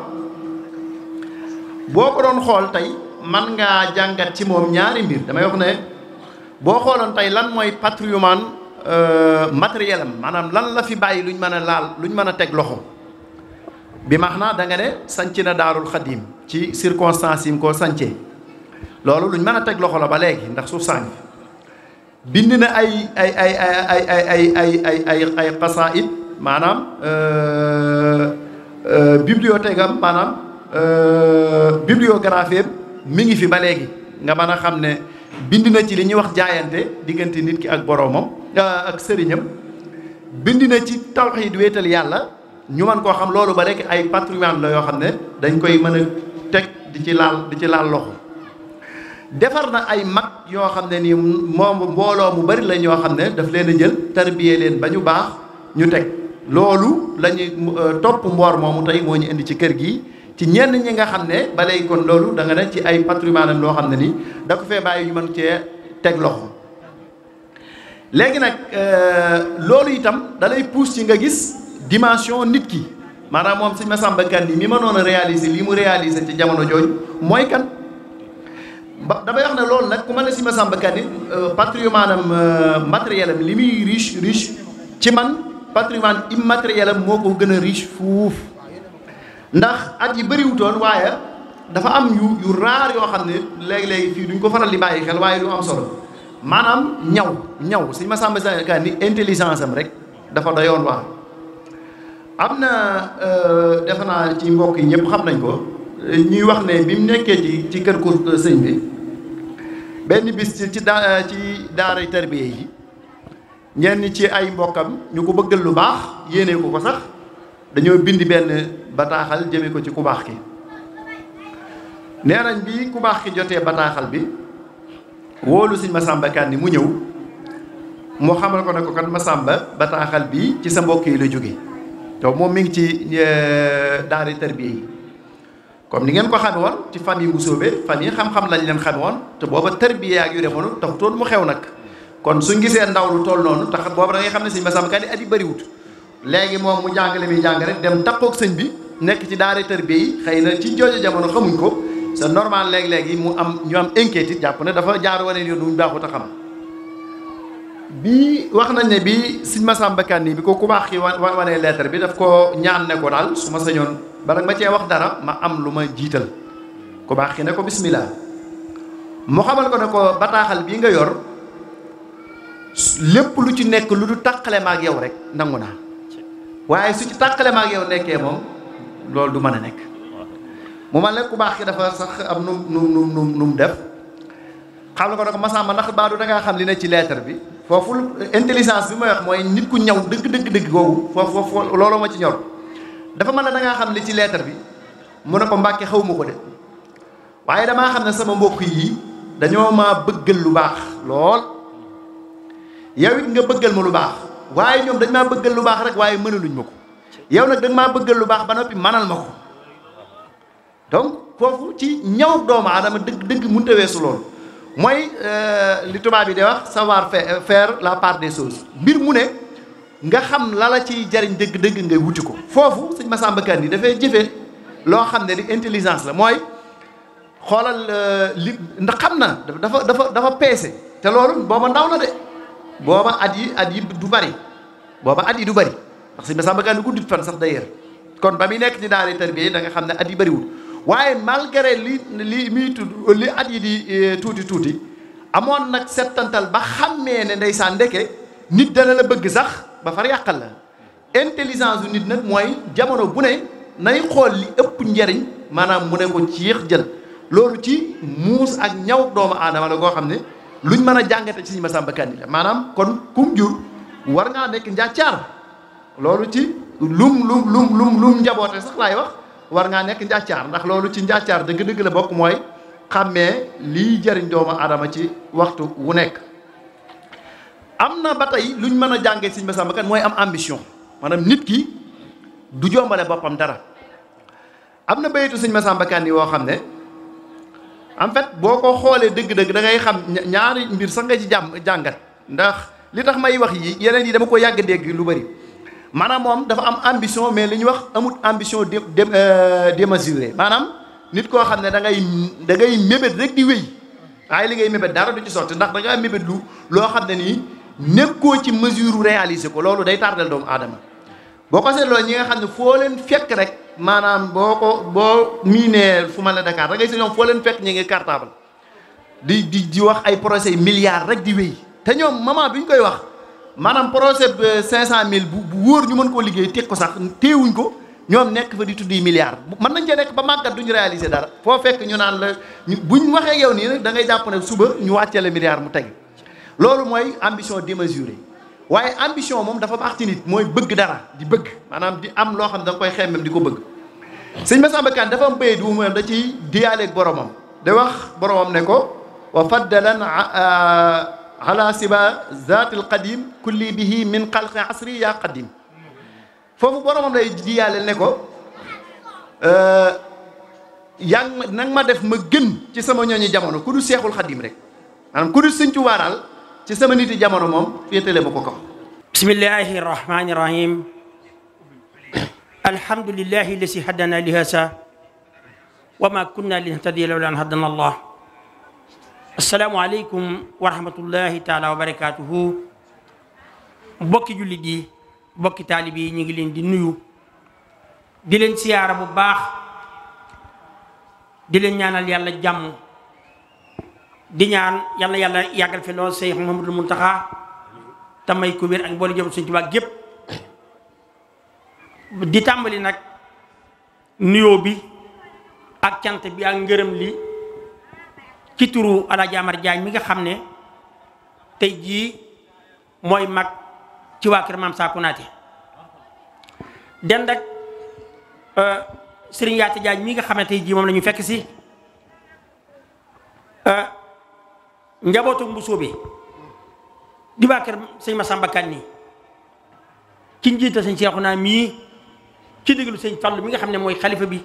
boo ko doon xool tey man ngaa jàngat ci moom ñaari mbir damay wax ne boo xooloon tey lan mooy patrimoine euh, matériel am maanaam lan la fi bàyyi lu ñu mën a laal luñ mën a teg loxo bi max naa da nga ne sanc na daarul xadim ci circonstance yi mu koo sancee loolu luñ mën a teg loxo la ba léegi ndax suuf sàng bind na ay ay ay ay ay ay ay ay ay ay maanaam bibliothèque am maanaam bibliographie am mi ngi fi ba léegi nga mën a xam ne bind na ci li ñuy wax jaayante diggante nit ki ak boroomam ak sëriñam bind na ci tawxiid wéetal yàlla ñu man koo xam loolu ba rek ay patrimoine la yoo xam ne dañ koy mën a teg di ci laal di ci laal loxo defar na ay mag yoo xam ne nii moom mbooloo mu bari la ñoo xam ne daf leen a jël tarbiyee leen ba ñu baax ñu teg loolu la euh, topp mboor moomu tey moo ñu indi ci kër gi ci ñenn ñi nga xam ne balay kon loolu da nga ne ci ay patrimoine am loo xam ne nii da ko fee bàyyi ñu mën cee teg loxo léegi nag euh, loolu itam da lay pousse ci nga gis dimension nit ki maanaam moom si Massamba Kanni mi ma a réaliser li mu réaliser ci jamono jooju mooy kan ba damay wax ne loolu nag ku mel ne si Massamba Kanni euh, patrimoine maanaam euh, matériel am li riche riche ci man patrimoine immatériel am moo ko gën a riche fuuf ndax at yi bëriwutoon waaye dafa am yu yu raar yoo xam ne léegi-léegi fii duñ ko faral di bàyyi xel waaye lu am solo maanaam ñaw ñaw si ma Massamba Kanni intelligence am rek dafa doyoon waa am na euh, defe naa ci mbokk yi ñëpp xam nañ ko ñuy wax ne bi mu nekkee ci ci kër ko euh, sëñ bi benn bis ci ci daa euh, ci daara tarbiya yi ñenn ci ay mbokkam ñu ko bëggal lu baax yéene ko ko sax dañoo bind benn bataaxal jëme ko ci ku baax ki nee nañ bi ku baax ki jotee bataaxal bi wóolu sëñ Masamba Kanni mu ñëw moo xamal ko ne ko kat sàmba bataaxal bi ci sa mbokk yi la jóge to moom mi ngi ci euh, daara tarbiya yi comme ni ngeen ko xame woon ci fan yi bu soobee fan yi xam-xam lañ leen xam woon te booba tarbiya ak yu demoon taxutoon mu xew nag kon suñ gisee ndaw lu toll noonu tax booba da xam ne sëñ Masamba Kanni at yi bëriwut léegi moom mu jàngale mi jàng rek dem takkoog sëñ bi nekk ci daara tarbiya yi xëy na ci jooju jamono xamuñ ko sa normal léeg-léegi mu am ñu am inquiétude jàpp ne dafa jaar wane yoon wu ñu baaxut xam bii wax nañ ne bi sëñ Masamba Kanni bi ko ku baax wa wan wanee lettre bi daf ko ñaan ne ko daal su ma sañoon bala ma cee wax dara ma am lu ma jiital ku baax ki ne ko bismillah mu xamal ko ne ko bataaxal bii nga yor lépp lu ci nekk lu du tàqale ma ak rek nangu naa waaye su ci tàqale ma ak nekkee moom loolu du mën a nekk mu ma ne ku baax ki dafa sax am nu nu nu nu mu def xam na ko ne ko Masamba ndax baadu dangaa xam li ne ci lettre bi foofu intelligence bi ma wax mooy nit ku ñaw dëgg dëgg dëgg googu foofu foofu looloo ma ci ñor dafa mën na da xam li ci lettre bi mu ne ko mbàkke xaw ma ko de waaye damaa xam ne sama mbokk yi dañoo ma bëggal lu baax lool yow nga bëggal ma lu baax waaye ñoom dañ maa bëggal lu baax rek waaye mënaluñ ma ko yow nag da maa bëggal lu baax ba noppi manal ma ko donc foofu ci ñaw doomu aadama dëgg dëgg mënut weesu loolu mooy euh, li tubaab yi di wax savoir faire la part des choses mbir mu ne nga xam la la ciy jariñ dëgg-dëgg ngay wuti ko foofu sëñ ma Kanni yi dafay jëfee loo xam ne li intelligence la mooy xoolal euh, li ndax xam na dafa dafa dafa peese te loolu booba ndaw na de booba at yi at yi du bari booba at yi du bari ndax sëñ Massamba Kanni guddit fan sax d'ailleurs kon ba muy nekk ci daara tarbiya yi da nga xam ne at yi bariwul waaye malgré li lii muy tudd lii at yi di eh, tuuti tuuti amoon nag settantal ba xam mee ne ndeysaan ndeke nit dana la bëgg sax ba far yàqal la intelligence du nit nag mooy jamono bu ne nay xool li ëpp njariñ maanaam mu ne ko ci yéex jël loolu ci muus ak ñaw doomu aadama la koo xam ne luñ mën a jàngate ci Sëriñ Masamba Kanni maanaam kon kum jur war ngaa nekk njàccaar loolu ci lum lum lum lum njaboote sax laay wax war ngaa nekk njàccaar ndax loolu ci njàccaar dëgg-dëgg la bokk mooy xàmmee lii jariñ doomu aadama ci waxtu wu nekk. am na ba tey luñ mën a jàngee Sëñ Masamba Kan mooy am ambition maanaam nit ki du jombale boppam dara am na bayitu Sëñ Masamba Kan yi woo xam ne en fait boo ko xoolee dëgg-dëgg dangay xam ñaari mbir sax nga ci jàmm jàngat ndax li tax may wax yi yeneen yi dama ko yàgg dégg lu bari maanaam moom dafa am ambition mais li ñu wax amut ambition dé euh, démesurée maanaam nit koo xam ne da ngay da ngay mébét rek di wéy waaye li ngay mébét dara du ci sotti ndax da ngaa mébét lu loo xam ne nii koo ci mesure réaliser ko loolu day tardel doomu aadama boo ko seetloo ñi nga xam ne foo leen fekk rek maanaam boo ko boo miinee fu ma la Dakar da ngay si ñoom foo leen fekk ñu ngi cartable di di di wax ay projets milliards rek di wéy te ñoom moment bi ñu koy wax. maanaam projet euh, cinq cent mille bu bu wóor ñu mën koo liggéey teg ko sax téewuñ ko ñoom nekk fa di tudd yi milliards mën nañ cee nekk ba màggat duñu réalisé dara foo fekk ñu naan la buñ waxee yow nii nag da ngay jàpp ne suba ñu wàccee la milliard mu teg loolu mooy ambition démesurée waaye ambition moom dafa baax ci nit mooy bëgg dara di bëgg maanaam di am loo xam ne da koy xemmem di ko bëgg sëñ Massamba Kane dafa am béy du moom da ciy diyaaleeg boromam da wax boromam ne ko wa faddalan ala siba zatil qadim kulli bihi min xalqi asri yaa qadim foofu boromam lay jiyaale ne ko yaa ma nang ma def ma gën ci sama ñooñu jamono ku du seexul xadim rek maanaam ku du sëñ ci waaraal ci sama niti jamono moom féetale ma ko kaw bismillahi rahmani rahim alhamdulillahi lasi hadana li hasa wa ma kunna linahtadiya lawla an hadana allah asalaamualeykum wa rahmatullahi taala wa barakaatuhu bokki jullit yi bokki taalib yi ñu ngi leen di nuyu di leen siyaara bu baax di leen ñaanal yàlla jàmm di ñaan yàlla yàlla yàggal fi lool Seex Muhammadul Muntaxa te may ko wér ak boole jëm Sëñ Tuubaa gépp di tàmbali nag nuyoo bi ak cant bi ak ngërëm li ci turu Alaaji Jaañ mi nga xam ne tey jii mooy mag ci waa kër Maam Sakku Naate dend ak euh, mi nga xam ne tey jii moom la ñu fekk si euh, njabootu Mbuso bi di waa kër sëñ Masamba Kan nii ci njiital sëñ Seexuna mii ci diglu sëñ Fallu mi nga xam ne mooy xalifa bi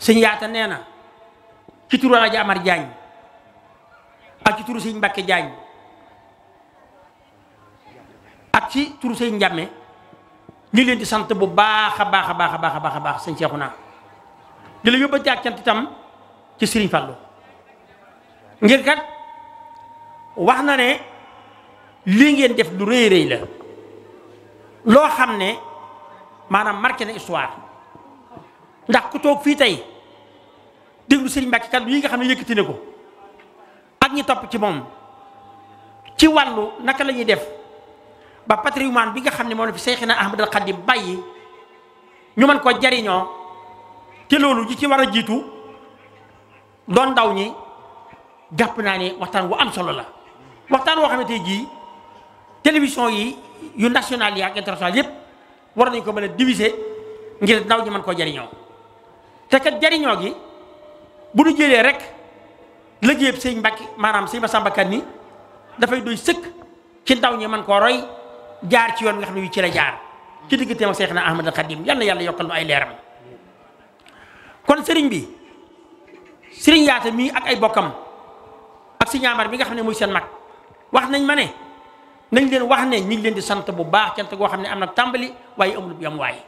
sëñ Yaata nee na ci turu Alaaji Amar Jaañ ak ci turu sëñ Mbàkke Jaañ ak ci turu sëñ Njàmme ñu leen di sant bu baax a baax a baax a baax a baax a baax sëñ Seexuna di la yóbbante ak cant itam ci Sëriñ Fallu ngir kat wax na ne lii ngeen def du rëy rëy la loo xam ne maanaam marqué na histoire ndax ku toog fii tey déglu sëriñ Mbàkke kàddu yi nga xam ne yëkkati ne ko ak ñi topp ci moom ci wàllu naka la ñuy def ba patrimoine bi nga xam ne moom la fi Seyxina Ahmadul Xadim bàyyi ñu mën koo jariñoo te loolu ji ci war a jiitu doon ndaw ñi jàpp naa ne waxtaan wu am solo la waxtaan woo xam ne xamante jii télévision yi yu national yi ak international yëpp war nañ ko mën a diviser ngir ndaw ñi mën koo jariñoo te kat jariñoo gi bu nu jëlee rek liggéeyub sëñ Mbàkke maanaam sëñ Masamba Kan ni dafay doy sëkk ci ndaw ñi man koo roy jaar ci yoon nga xam ne yu ci la jaar ci digganteem ak Seexna Ahmadul Xadim yàlla yàlla yokkal nu ay leeram kon sëriñ bi sëriñ yaata mii ak ay bokkam ak si ñaamar bi nga xam ne muy seen mag wax nañ ma ne nañ leen wax ne ñi ngi leen di sant bu baax cant goo xam ne am na tàmbali waaye amul bu yam waaye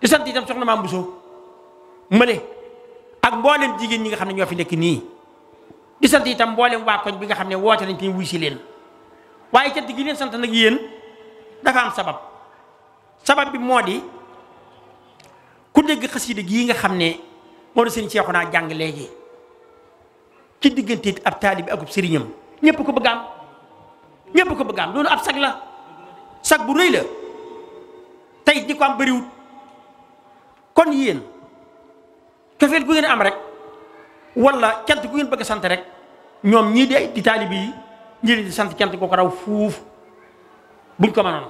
di sant itam soxna maam Bousso mële ak mboolem jigéen ñi nga xam ne ñoo fi nekk nii di sant itam mboolem waa koñ bi nga xam ne woo woote nañ ci wuy si leen waaye cant gi leen sant nag yéen dafa am sabab sabab bi moo di ku dégg gi gii nga xam ne moo di sëriñ Seexu naa jàng ki ci diggante ab taalibi akub sëriñam ñëpp ko bëgg am ko bëgg am loolu ab sag la sag bu rëy la tey di ko am bëriwut kon yéen cofeel gu am rek wala cant gu ngeen bëgg sant rek ñoom ñii de di di taalibe yi ñi leen di sant cant ko ko raw fuuf buñ ko mënoon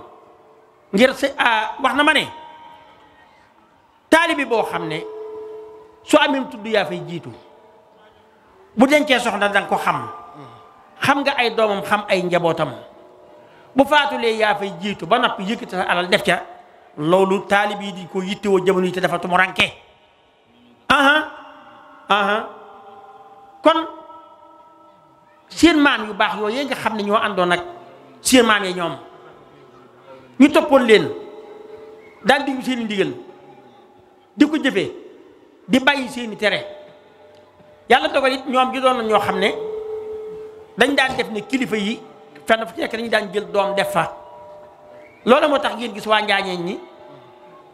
ngir sa ah, wax na ma ne taalibe boo xam ne soo amee tudd yaa fay jiitu bu dencee soxna danga ko xam xam nga ay doomam xam ay njabootam bu faatulee yaa fay jiitu ba noppi yëkkati sa def ca loolu taalib yi di ko yittewoo jamono yi te dafa tumuranke aha aha kon seen maam yu baax yooyu nga xam ne ñoo àndoon ak seen maam yi ñoom ñu toppoon leen daal di seen ndigal di ko jëfe di bàyyi seeni tere yàlla dogal it ñoom gi doon na ñoo xam ne dañ daan def ne kilifa yi fenn fu ci nekk dañu daan jël doom def fa loolu moo tax ngeen gis waa njaañeen ñi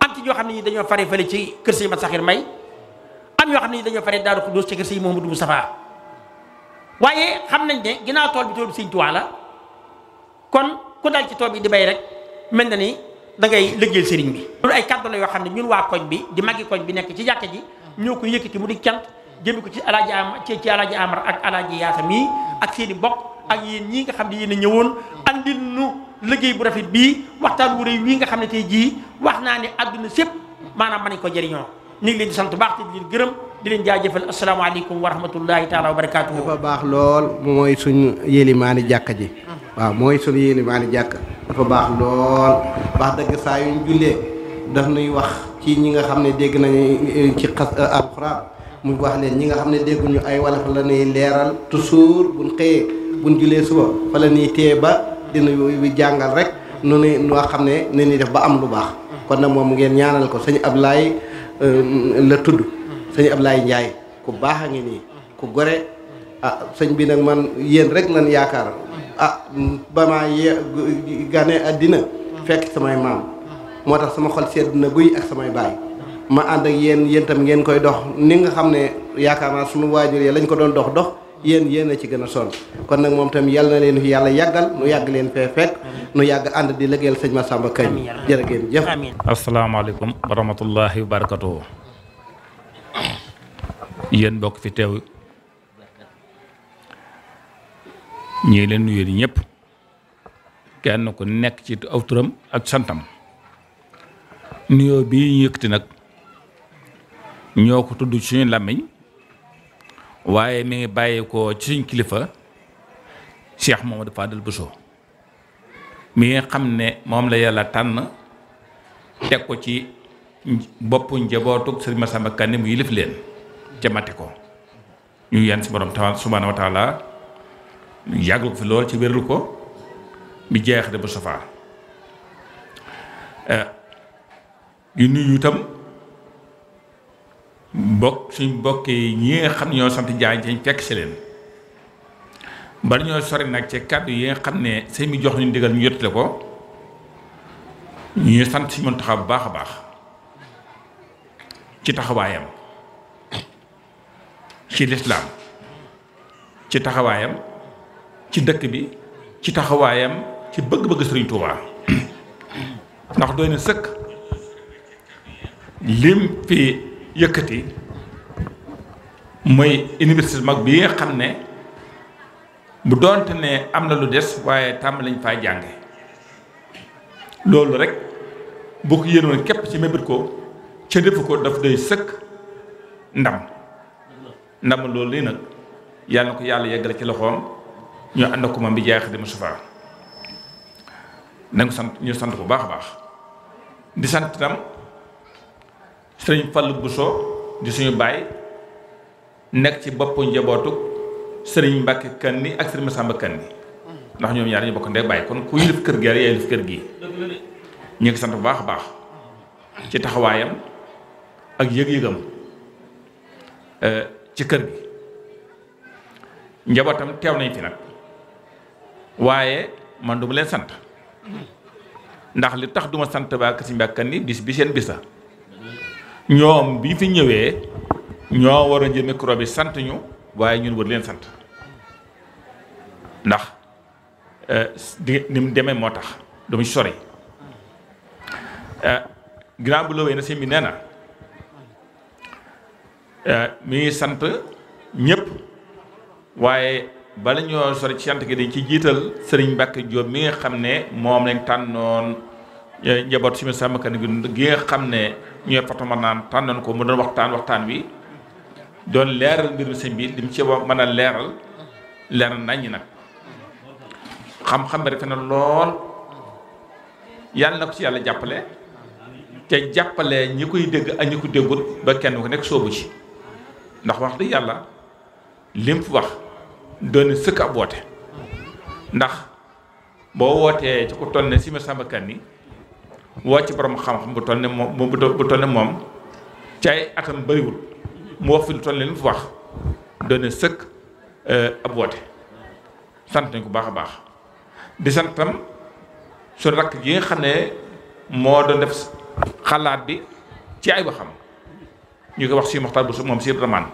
am ci ñoo xam ne ñi dañoo fare fële ci kër si ma saxir may xam yoo xam ne dañoo pare Daaru Xuddoos ci kër sëñ Mouhamadou Moustapha waaye xam nañ ne ginnaaw tool bi tool bi sëñ Tuubaa kon ku dal ci tool bi di bay rek mel na ni da ngay liggéeyal sëriñ bi. loolu ay kàddu yoo xam ne ñun waa koñ bi di màggi koñ bi nekk ci jàkka ji ñoo ko yëkkati mu di cant jëmi ko ci alaaji am ci ci alaaji Amar ak alaaji Yaasa mii ak seeni mbokk ak yéen ñii nga xam ne yéen a ñëwoon andil nu liggéey bu rafet bii waxtaan wu rëy wii nga xam ne tey jii wax naa ne àdduna sépp maanaam mën nañ ko jëriñoo ñu ngi leen di sant baax te leen gërëm di leen jaajëfal asalaamaaleykum wa rahmatullahi taala wa barakaatu. dafa baax lool mooy suñu yélimaani jàkk ji. waaw mooy suñu yélimaani jàkk dafa baax lool baax dëgg saa yu ñu jullee daf nuy wax ci ñi nga xam ne dégg nañu eh, ci xas eh, alxuraan wax leen ñi nga xam ne dégguñu ay wolof la nuy leeral toujours buñ xëyee buñ jullee suba fa la nuy téye ba dina yooyu jàngal rek nu nuy noo xam ne ni ñuy def ba am lu baax. kon nag moom ngeen ñaanal ko ab Ablaye. Euh, la tudd sëñ Ablaye Ndiaye ku baax a ngi nii ku gore ah sëñ bi nag man yéen rek nan yaakaar ah ba ye gane àddina fekk samay maam moo tax sama xol sedd na guy ak samay baay ma ànd ak yéen yéen tam ngeen koy dox ni nga xam ne yaakaar naa sunu waajur yi lañ ko doon dox dox yéen yéen a ci gën a sonn kon nag moom tamit yàlla na leen fi yàlla yàggal nu yàgg leen fee fekk nu yàgg ànd di lëggeel sëñ Massamba Kanni jërë ngeen jëf asalaamaaleykum wa rahmatullahi wa barakatuhu yéen bokk fi teew ñii leen nuyu ñëpp kenn ku nekk ci aw ak santam nuyoo bi ñu yëkkati nag ñoo ko tudd suñu làmmiñ waaye mi ngi bàyyi ko ci suñ kilifa Cheikh Mamadou Fadal Bousso mi nga xam ne moom la yàlla tànn teg ko ci boppu njabootu Sëriñ Massamba Kanni mu yilif leen ca mate ko ñu yenn si borom tawa subhaana yàgg ko fi lool ci wérul ko bi jeex da bu yu nuyu itam mbokk suñ bokkee ñi nga xam ne ñoo sant Jaañ ci fekk si leen bari ñoo sori nag ci kàddu yi nga xam ne sëñ mi jox ñu ndigal ñu yottale ko ñu sant si Muntaxa bu baax a baax ci taxawaayam ci lislaam ci taxawaayam ci dëkk bi ci taxawaayam ci bëgg-bëgg Sëriñ Tuubaa ndax doy na sëkk lim fi yëkkati mooy université mag bi nga xam ne bu doonte ne am na lu des waaye tàmm lañ faa jànge loolu rek boo ko yéenoon képp ci mébét ko ca defu ko daf doy sëkk ndam ndam loolu lii nag yàlla ko yàlla yeggale ci loxoom ñu ànd ak moom bi jaay Xaadimu Mustafaa nañ ko sant ñu sant bu baax a baax di sant tam sëriñ Fallu Buso di suñu baay nekk ci boppu njabootu sëriñ Mbàkke ni ak sëriñ Masamba Kanni ndax ñoom ñaar ñu bokk ndey baay kon ku yilif kër gi rek yaa kër gi ñu bu baax a baax ci taxawaayam ak yëg-yëgam e, ci kër gi njabootam teew nañ fi nag waaye man du ma leen sant ndax li tax duma sant baa kër si Mbàkke Kanni bis bi seen bis la ñoom bi fi ñëwee ñoo war a jël micro bi sant ñu waaye ñun war leen sant ndax euh, di ni mu demee moo tax dama ci sori euh, ginnaaw bu lowee na sëñ bi nee na euh, mi ngi sant ñëpp waaye bala ñoo sori ci sant gi dañ ci jiital sëriñ Mbàkke Jóob mi nga xam ne moom lañ tànnoon njaboot si mu sàmmkat gi nga xam ne ñu département naan tànnoon ko mu doon waxtaan waxtaan wi doon leeral mbir mi sëñ bi lim ci mën a leeral leeral nañ nag xam-xam bi rafet na lool yàlla na ko ci yàlla jàppale te jàppale ñi koy dégg ak ñi ko déggut ba kenn ku nekk soobu ci ndax wax dëgg yàlla lim fi wax doon sëkk ab woote ndax boo wootee ci ko toll ne si ma sàmbakan woo ci borom xam-xam bu toll ne moom bu toll ne moom ci ay atam bëriwul mu wax fi lu toll ne mu fi wax doone sëkk euh, ab woote sant nañ ko baax a baax di sant tam su rakk yi nga xam ne moo doon def xalaat bi ci ay waxam ñu koy wax si Moxtaar bu moom si ramaan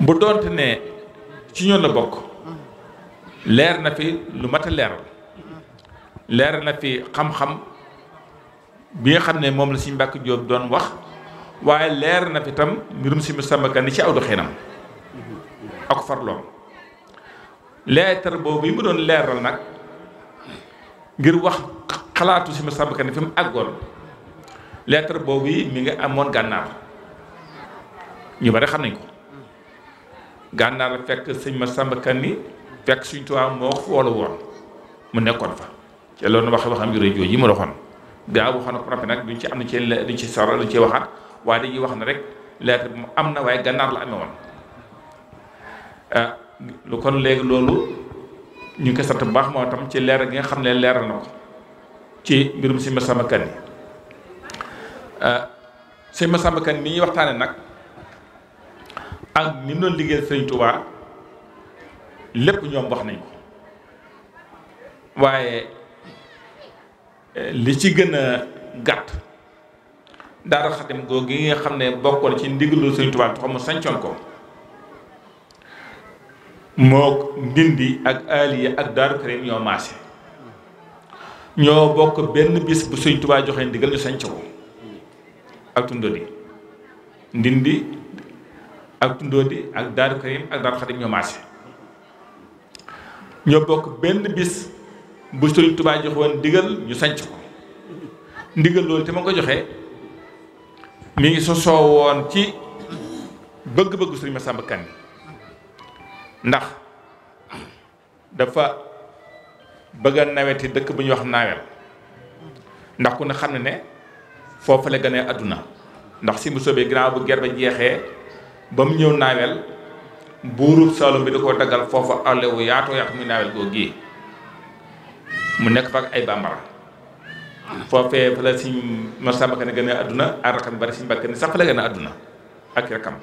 bu doonte ne ci ñoon la bokk leer na fi lu mat a leeral leer na fi xam-xam bi nga xam ne moom la si Mbàkke Jóob doon wax waaye leer na fi tam mbirum si Masàmba Kan ni ci aw ak farloom leetar boobu yi mu doon leeral nag ngir wax xalaatu Sëriñ Masàmba Kan fi mu àggoon leetar boobu yi mi nga amoon gànnaar ñu bari xam nañ ko gànnaar fekk Sëriñ Masàmba Kan ni fekk Sëriñ Tuubaa moo ko woon mu nekkoon fa ci loolu wax waxam yu rëy jooju yi ma waxoon gaaw waxoon ko noppi nag duñ ci am na ci duñ ci soro duñ ci waxaat waaye dañuy wax ne rek lettre bi am na waaye ganaar la amee woon ah, lu kon léegi loolu ñu ngi koy bu baax moo tam ci leer gi nga xam ne leeral na ko ci mbirum si Masamba Kan yi ah, si Masamba Kan ñuy waxtaane nag ak ni mu doon liggéey Sëriñ Tuubaa lépp ñoom wax nañ ko waaye li ci gën a gàtt daara xatim googu yi nga xam ne bokkoon ci ndigalu Sëriñ Tuubaa tax mu sancoon ko mook ndindi ak aliya ak daaru karim ñoo maase ñoo bokk benn bis bu Sëriñ Tuubaa joxe ndigal ñu sanc ko ak tundóo di ndindi ak tundóo ak daaru karim ak daaru xatim ñoo maase ñoo bokk benn bis bu Sëriñ Tuubaa jox woon ndigal ñu sanc ko ndigal loolu te ma ko joxee mi ngi sosoo woon ci bëgg-bëggu Sëriñ Masamba Kanni ndax dafa bëgg a naweti dëkk bu ñuy wax naawel ndax ku ne xam ne ne foofu la gane àdduna ndax si mu soobee ginnaaw bu ger ba jeexee ba mu ñëw naawel buurub Saalum bi da ko daggal foofa àll wu yaatoo yaatu muy naawel googu mu nekk fa ak ay bambara foofee fa la siñ Masamba Kane gën a àdduna ak rakam bari siñ Mbàkke ne sax fa la gën a àdduna ak rakam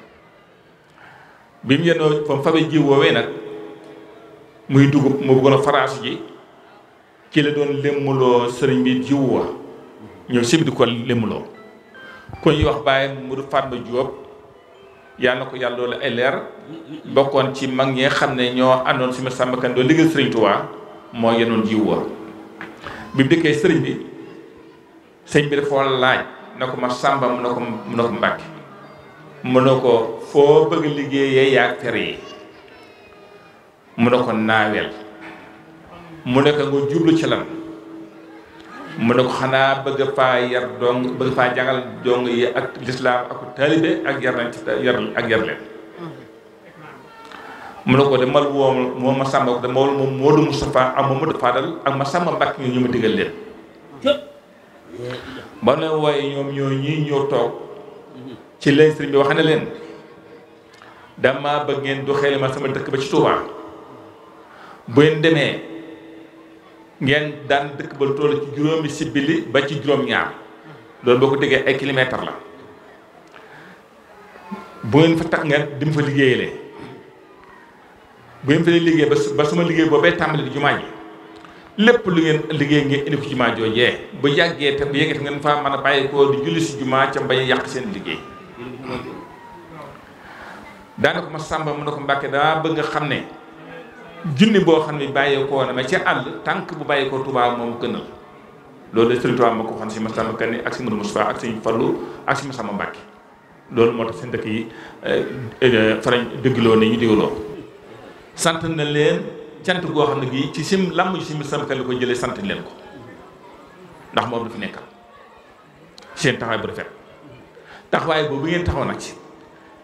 bi mu yenoo fam fabe ji woowee nag muy dugub mu bëggoon a faraasu ji ci la doon lémmuloo sëriñ bi jiw wa ñëw sibi di ko lémmuloo ku ñuy wax bàyyi mu du Fatma Jóob yàlla na ko yàlla loolu ay leer bokkoon ci mag ñi xam ne ñoo àndoon si Masamba Kane doon liggéey sëriñ Tuubaa moo yenoon jiw wa bi mu sëriñ bi sëñ bi dafa laaj na ko ma sàmba mu ne ko mu ne ko mbàkke mu ne ko foo bëgg liggéeyee ak tere yi mu ne ko naaweel mu ne ko nga jublu ci lan mu ne ko xanaa bëgg faa yar dong bëgg faa jàngal dong yi ak lislaam ak taalibe ak yar ak yar mu ne ko de mal woo moo ma sàmba ko de mawlu moom Moodu Moustapha ak Mamadou Fadal ak ma sàmba Mbàkke ñu ma digal leen ba ne waaye ñoom ñoo ñii ñoo toog ci leen sëriñ bi wax ne leen dama bëgg ngeen du xeeli ma sama dëkk ba ci Touba bu ngeen demee ngeen daan dëkk ba lu toll ci juróomi sibbili ba ci juróom-ñaar loolu boo ko déggee ay kilomètre la bu ngeen fa tax ngeen di mu fa liggéeyalee bu ngeen fa liggéey ba ba suma liggéey boobee tàmbali di jumaa ji lépp lu ngeen liggéey ngeen indi ko jumaa joojee bu yàggee te bu yàggee te ngeen faa mën a bàyyi ko di julli si jumaa ca mbañ yàq seen liggéey daana ko ma sàmba mu ne ko mbàkke dama bëgg nga xam ne junni boo xam ne bàyyee koo na ma ca àll tànk bu bàyyi ko Tuubaa moom gënal loolu de Sëriñ Tuubaa ma ko waxoon si ma sàmba kan ak si Mudu Mustafaa ak si Fallu ak ma sàmba Mbàkke loolu moo tax seen dëkk yi eh, eh, farañ dëggloo ne ñu digaloo sant na leen cant goo xam ne gii ci sim làmb ci simil samkat la ko jëlee sant leen ko ndax moom du fi nekkal seen taxawaay bu rafet taxawaay boobu ngeen taxoo nag ci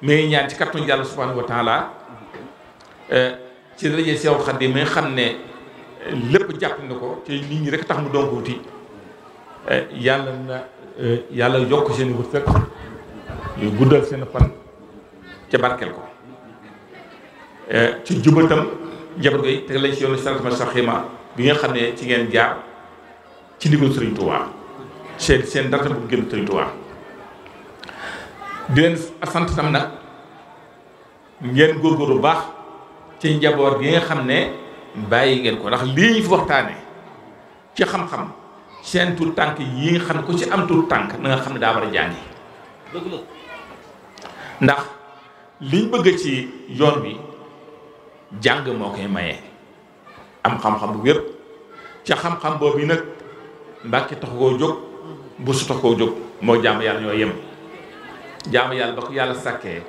mais ñaan ci kàttu yàlla subhanahu wa taala euh, ci rajo Seex Xaadim mi nga xam ne euh, lépp jàpp na ko ci nit ñi rek tax mu doon ko wuti euh, yàlla na yàlla yokk seen wërsëg yu guddal seen fan ca barkeel ko Euh, ci jubatam njaboot gi te lañ ci yoonu sarama saxima bi nga xam ne ci ngeen jaar ci ndigal Sëriñ Tuubaa seen seen darta bu gën Sëriñ Tuubaa di leen sant tam nag ngeen góorgóor bu baax ci njaboot gi nga xam ne bàyyi ngeen ko ndax lii ñu fi waxtaane ci xam-xam seen tur tànk yi nga xam ne ku ci am tur tànk na nga xam ne daa war a jàngi ndax liñ bëgg ci yoon bi jàng moo koy maye am xam-xam bu wér ca xam-xam boobu nag mbàkki tax koo jóg bu su tax koo jóg moo jaamu yàlla ñoo yem jaamu yàlla ba ko yàlla sàkkee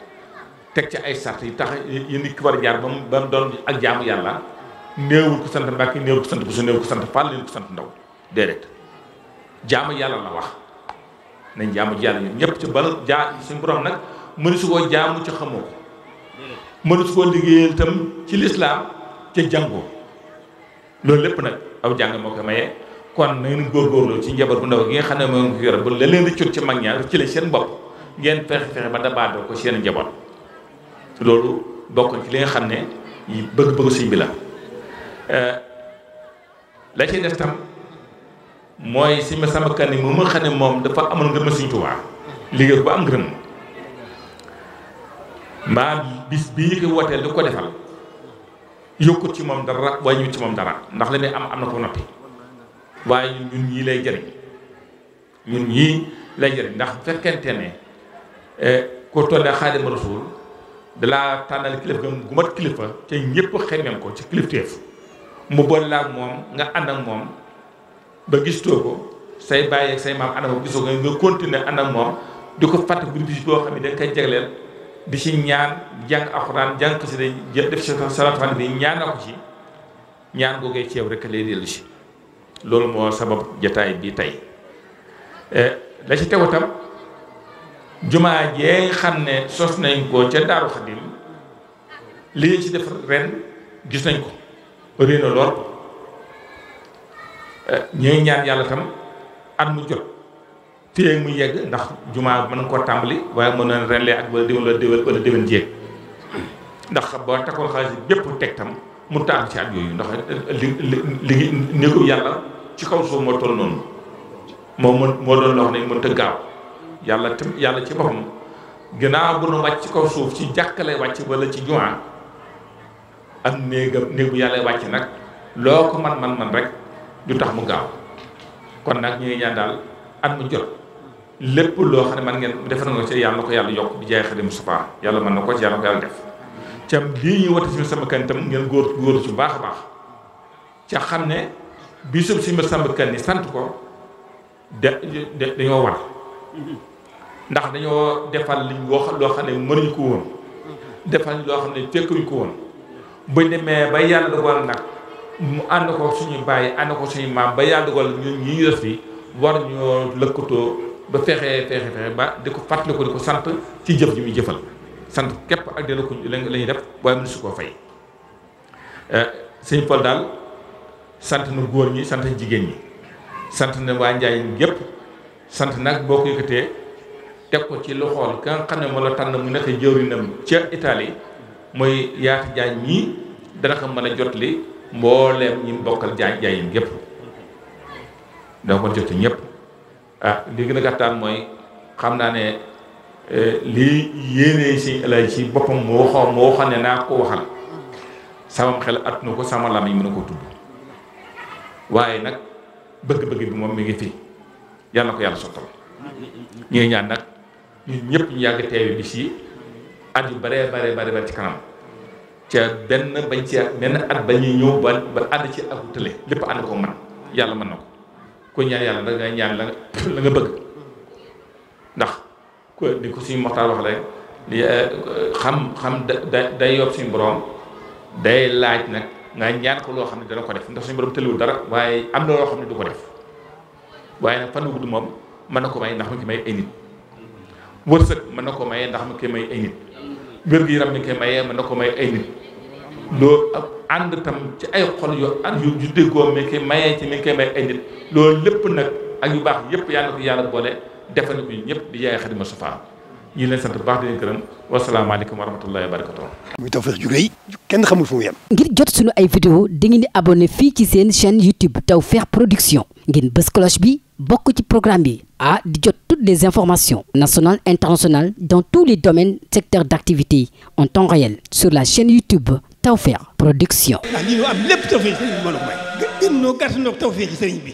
teg ci ay sart yi tax yi nit ki war ba mu ba mu ak jaamu yàlla néewul ko sant mbàkki néewul ko sant bu su ko sant fàll sant ndaw déedéet jaamu yàlla la wax nañ jaamu yàlla ñun ñëpp ci bal jaa suñu borom nag mënu su koo jaamu ci xamoo ko mënus koo liggéeyal itam ci lislaam ca jàngoo loolu lépp nag aw jàng moo ko maye kon na ngeen góorgóorlu ci njaboot bu ndaw gi xam ne moom ko yor bu la leen rëccut ci mag ñaar ci seen bopp ngeen fexe fexe ba dabaadoo ko seen njaboot loolu bokk ci li xam ne bëgg-bëggu sëñ la eh, la ci def tam si ma sama moom dafa amoon ngërëm sëñ Tuubaa liggéey ko ba am ngërëm mbaa bis bii ko wooteel da ko defal yokkut ci moom dara waaye ñu ci moom dara ndax la muy am am na ko noppi waaye ñun ñii lay jëriñ ñun ñii lay jëriñ ndax fekkente ne eh, ku tollee xaadim rasul dalaa tànnal kilifa gu mat kilifa te ñëpp xemeem ko ci kilifteef mu boole la moom nga ànd ak moom ba gistoo ko say bàyyi ak say maam ànd ak ko gisoo ko nga continuer ànd ak moom di ko boo xam ne danga koy jagleel bi si ñaan jàng alxuraan jàng xasida jël def si salaatu alayhi bi ñaan ko ci ñaan googee ci rek lay dellu si loolu moo sabab jataay bi tey eh, la ci tegu tam jumaa jee xam ne sos nañ ko ca Daaru Xadim li ci def ren gis nañ ko réy na lool eh, ñooy ñaan yàlla tam at mu jot téye mu yegg ndax jumaa mën nga koo tàmbali waaye mën na ren lee ak wala déwén la déwén wala ndax boo takkoon xaalis bépp teg tam mënut a am ci at yooyu ndax li li li ni ko yàlla ci kaw suuf moo toll noonu moo mën moo doon loo xam ne mënut gaaw yàlla yàlla ci boppam ginnaaw bu nu wàcc ci kaw suuf ci jàkka lay wàcc wala ci jumaa ak néegam néeg bu yàlla wàcc nag loo ko man man man rek du tax mu gaaw kon nag ñu ngi ñaan daal at mu jot lépp loo xam ne man ngeen defal nga ci yàlla ko yàlla yokk di jaay xadim Mustafa yàlla mën na ko ci yàlla na ko yàlla def cam si sama kan itam ngeen góor góor baax a baax xam ne bii sub si sama kan ni sant ko de dañoo war ndax dañoo defal liñ wax loo xam ne ko woon defal xam ne fekkuñ ko woon buñ demee ba yàlla dogal nag mu ànd ko suñu bàyyi ànd ko suñu maam ba yàlla dogal ñun ñi ñu def fi war ñoo lëkkatoo ba fexe fexe fexe ba di ko fàttaliku di ko sant ci jëf ji muy jëfal sant képp ak delloo ko la ñuy def waaye mënu su koo fay euh, sëñ Paul daal sant na góor ñi sant na jigéen ñi sant na waa Njaay gépp sant nag boo ko yëkkatee teg ko ci loxool ka nga xam ne moo la tànn mu nekk jëwrinam ca Italie mooy yaata jaañ ñii dana ko mën a jot li mbooleem ñi bokkal jaañ jaayin gépp danga ñëpp. ah li gën a gàttaan mooy xam naa ne eh, lii yéene si Elaaji si boppam moo waxoon moo waxoon ne naa ko waxal samam xel at na ko sama lamiñ mën a ko tudd waaye nag bëgg-bëgg bi moom mi ngi fi yàlla ko yàlla sottal ñu ngi ñaan nag ñun ñëpp ñu yàgg teewi bi si at yu bare bare bare bare ci kanam ca benn bañ ci benn at bañ ñuy ñëw ba ba ànd ci ak tële lépp ànd ko man yàlla man na ko ku ñaan yàlla da ngay nga bëgg ndax ku di ko suñu moxtaar wax rek li eh, xam xam da day yob suñu borom day laaj nag nga ñaan ko loo xam ne dana ko def ndax suñu borom tëliwul dara waaye am na loo xam ne du ko def waaye nag fan wu gudd mën na ko may ndax mu ngi may ay nit wërsëg mën na ko maye ndax mu ngi may ay nit wér-gu-yaram mi maye mën na ko may ay nit loolu ak ànd tam ci ay xol yu ànd yu déggoo mi koy koy may ay nit loolu lépp nag ak yu baax yëpp yàlla ko yàlla boole defal ko ñëpp di yaay Xaadimu Safaa ñi leen sant bu baax di leen gërëm wasalaamaaleykum wa rahmatullahi wa barakatuh. muy Tawfekh jugee kenn xamul fu mu ngir jot sunu ay vidéo dangeen di abonné fii ci seen chaîne YouTube Tawfekh Production ngeen bës cloche bi bokk ci programme bi ah di jot toutes les informations national internationales dans tous les domaines secteurs d'activité en temps réel sur la chaîne YouTube. Tawfekh Production. ndax ah, lii am lépp tawfeex ci sëriñ bi mën a may. gën noo gàtt noo tawfeex ci sëriñ bi.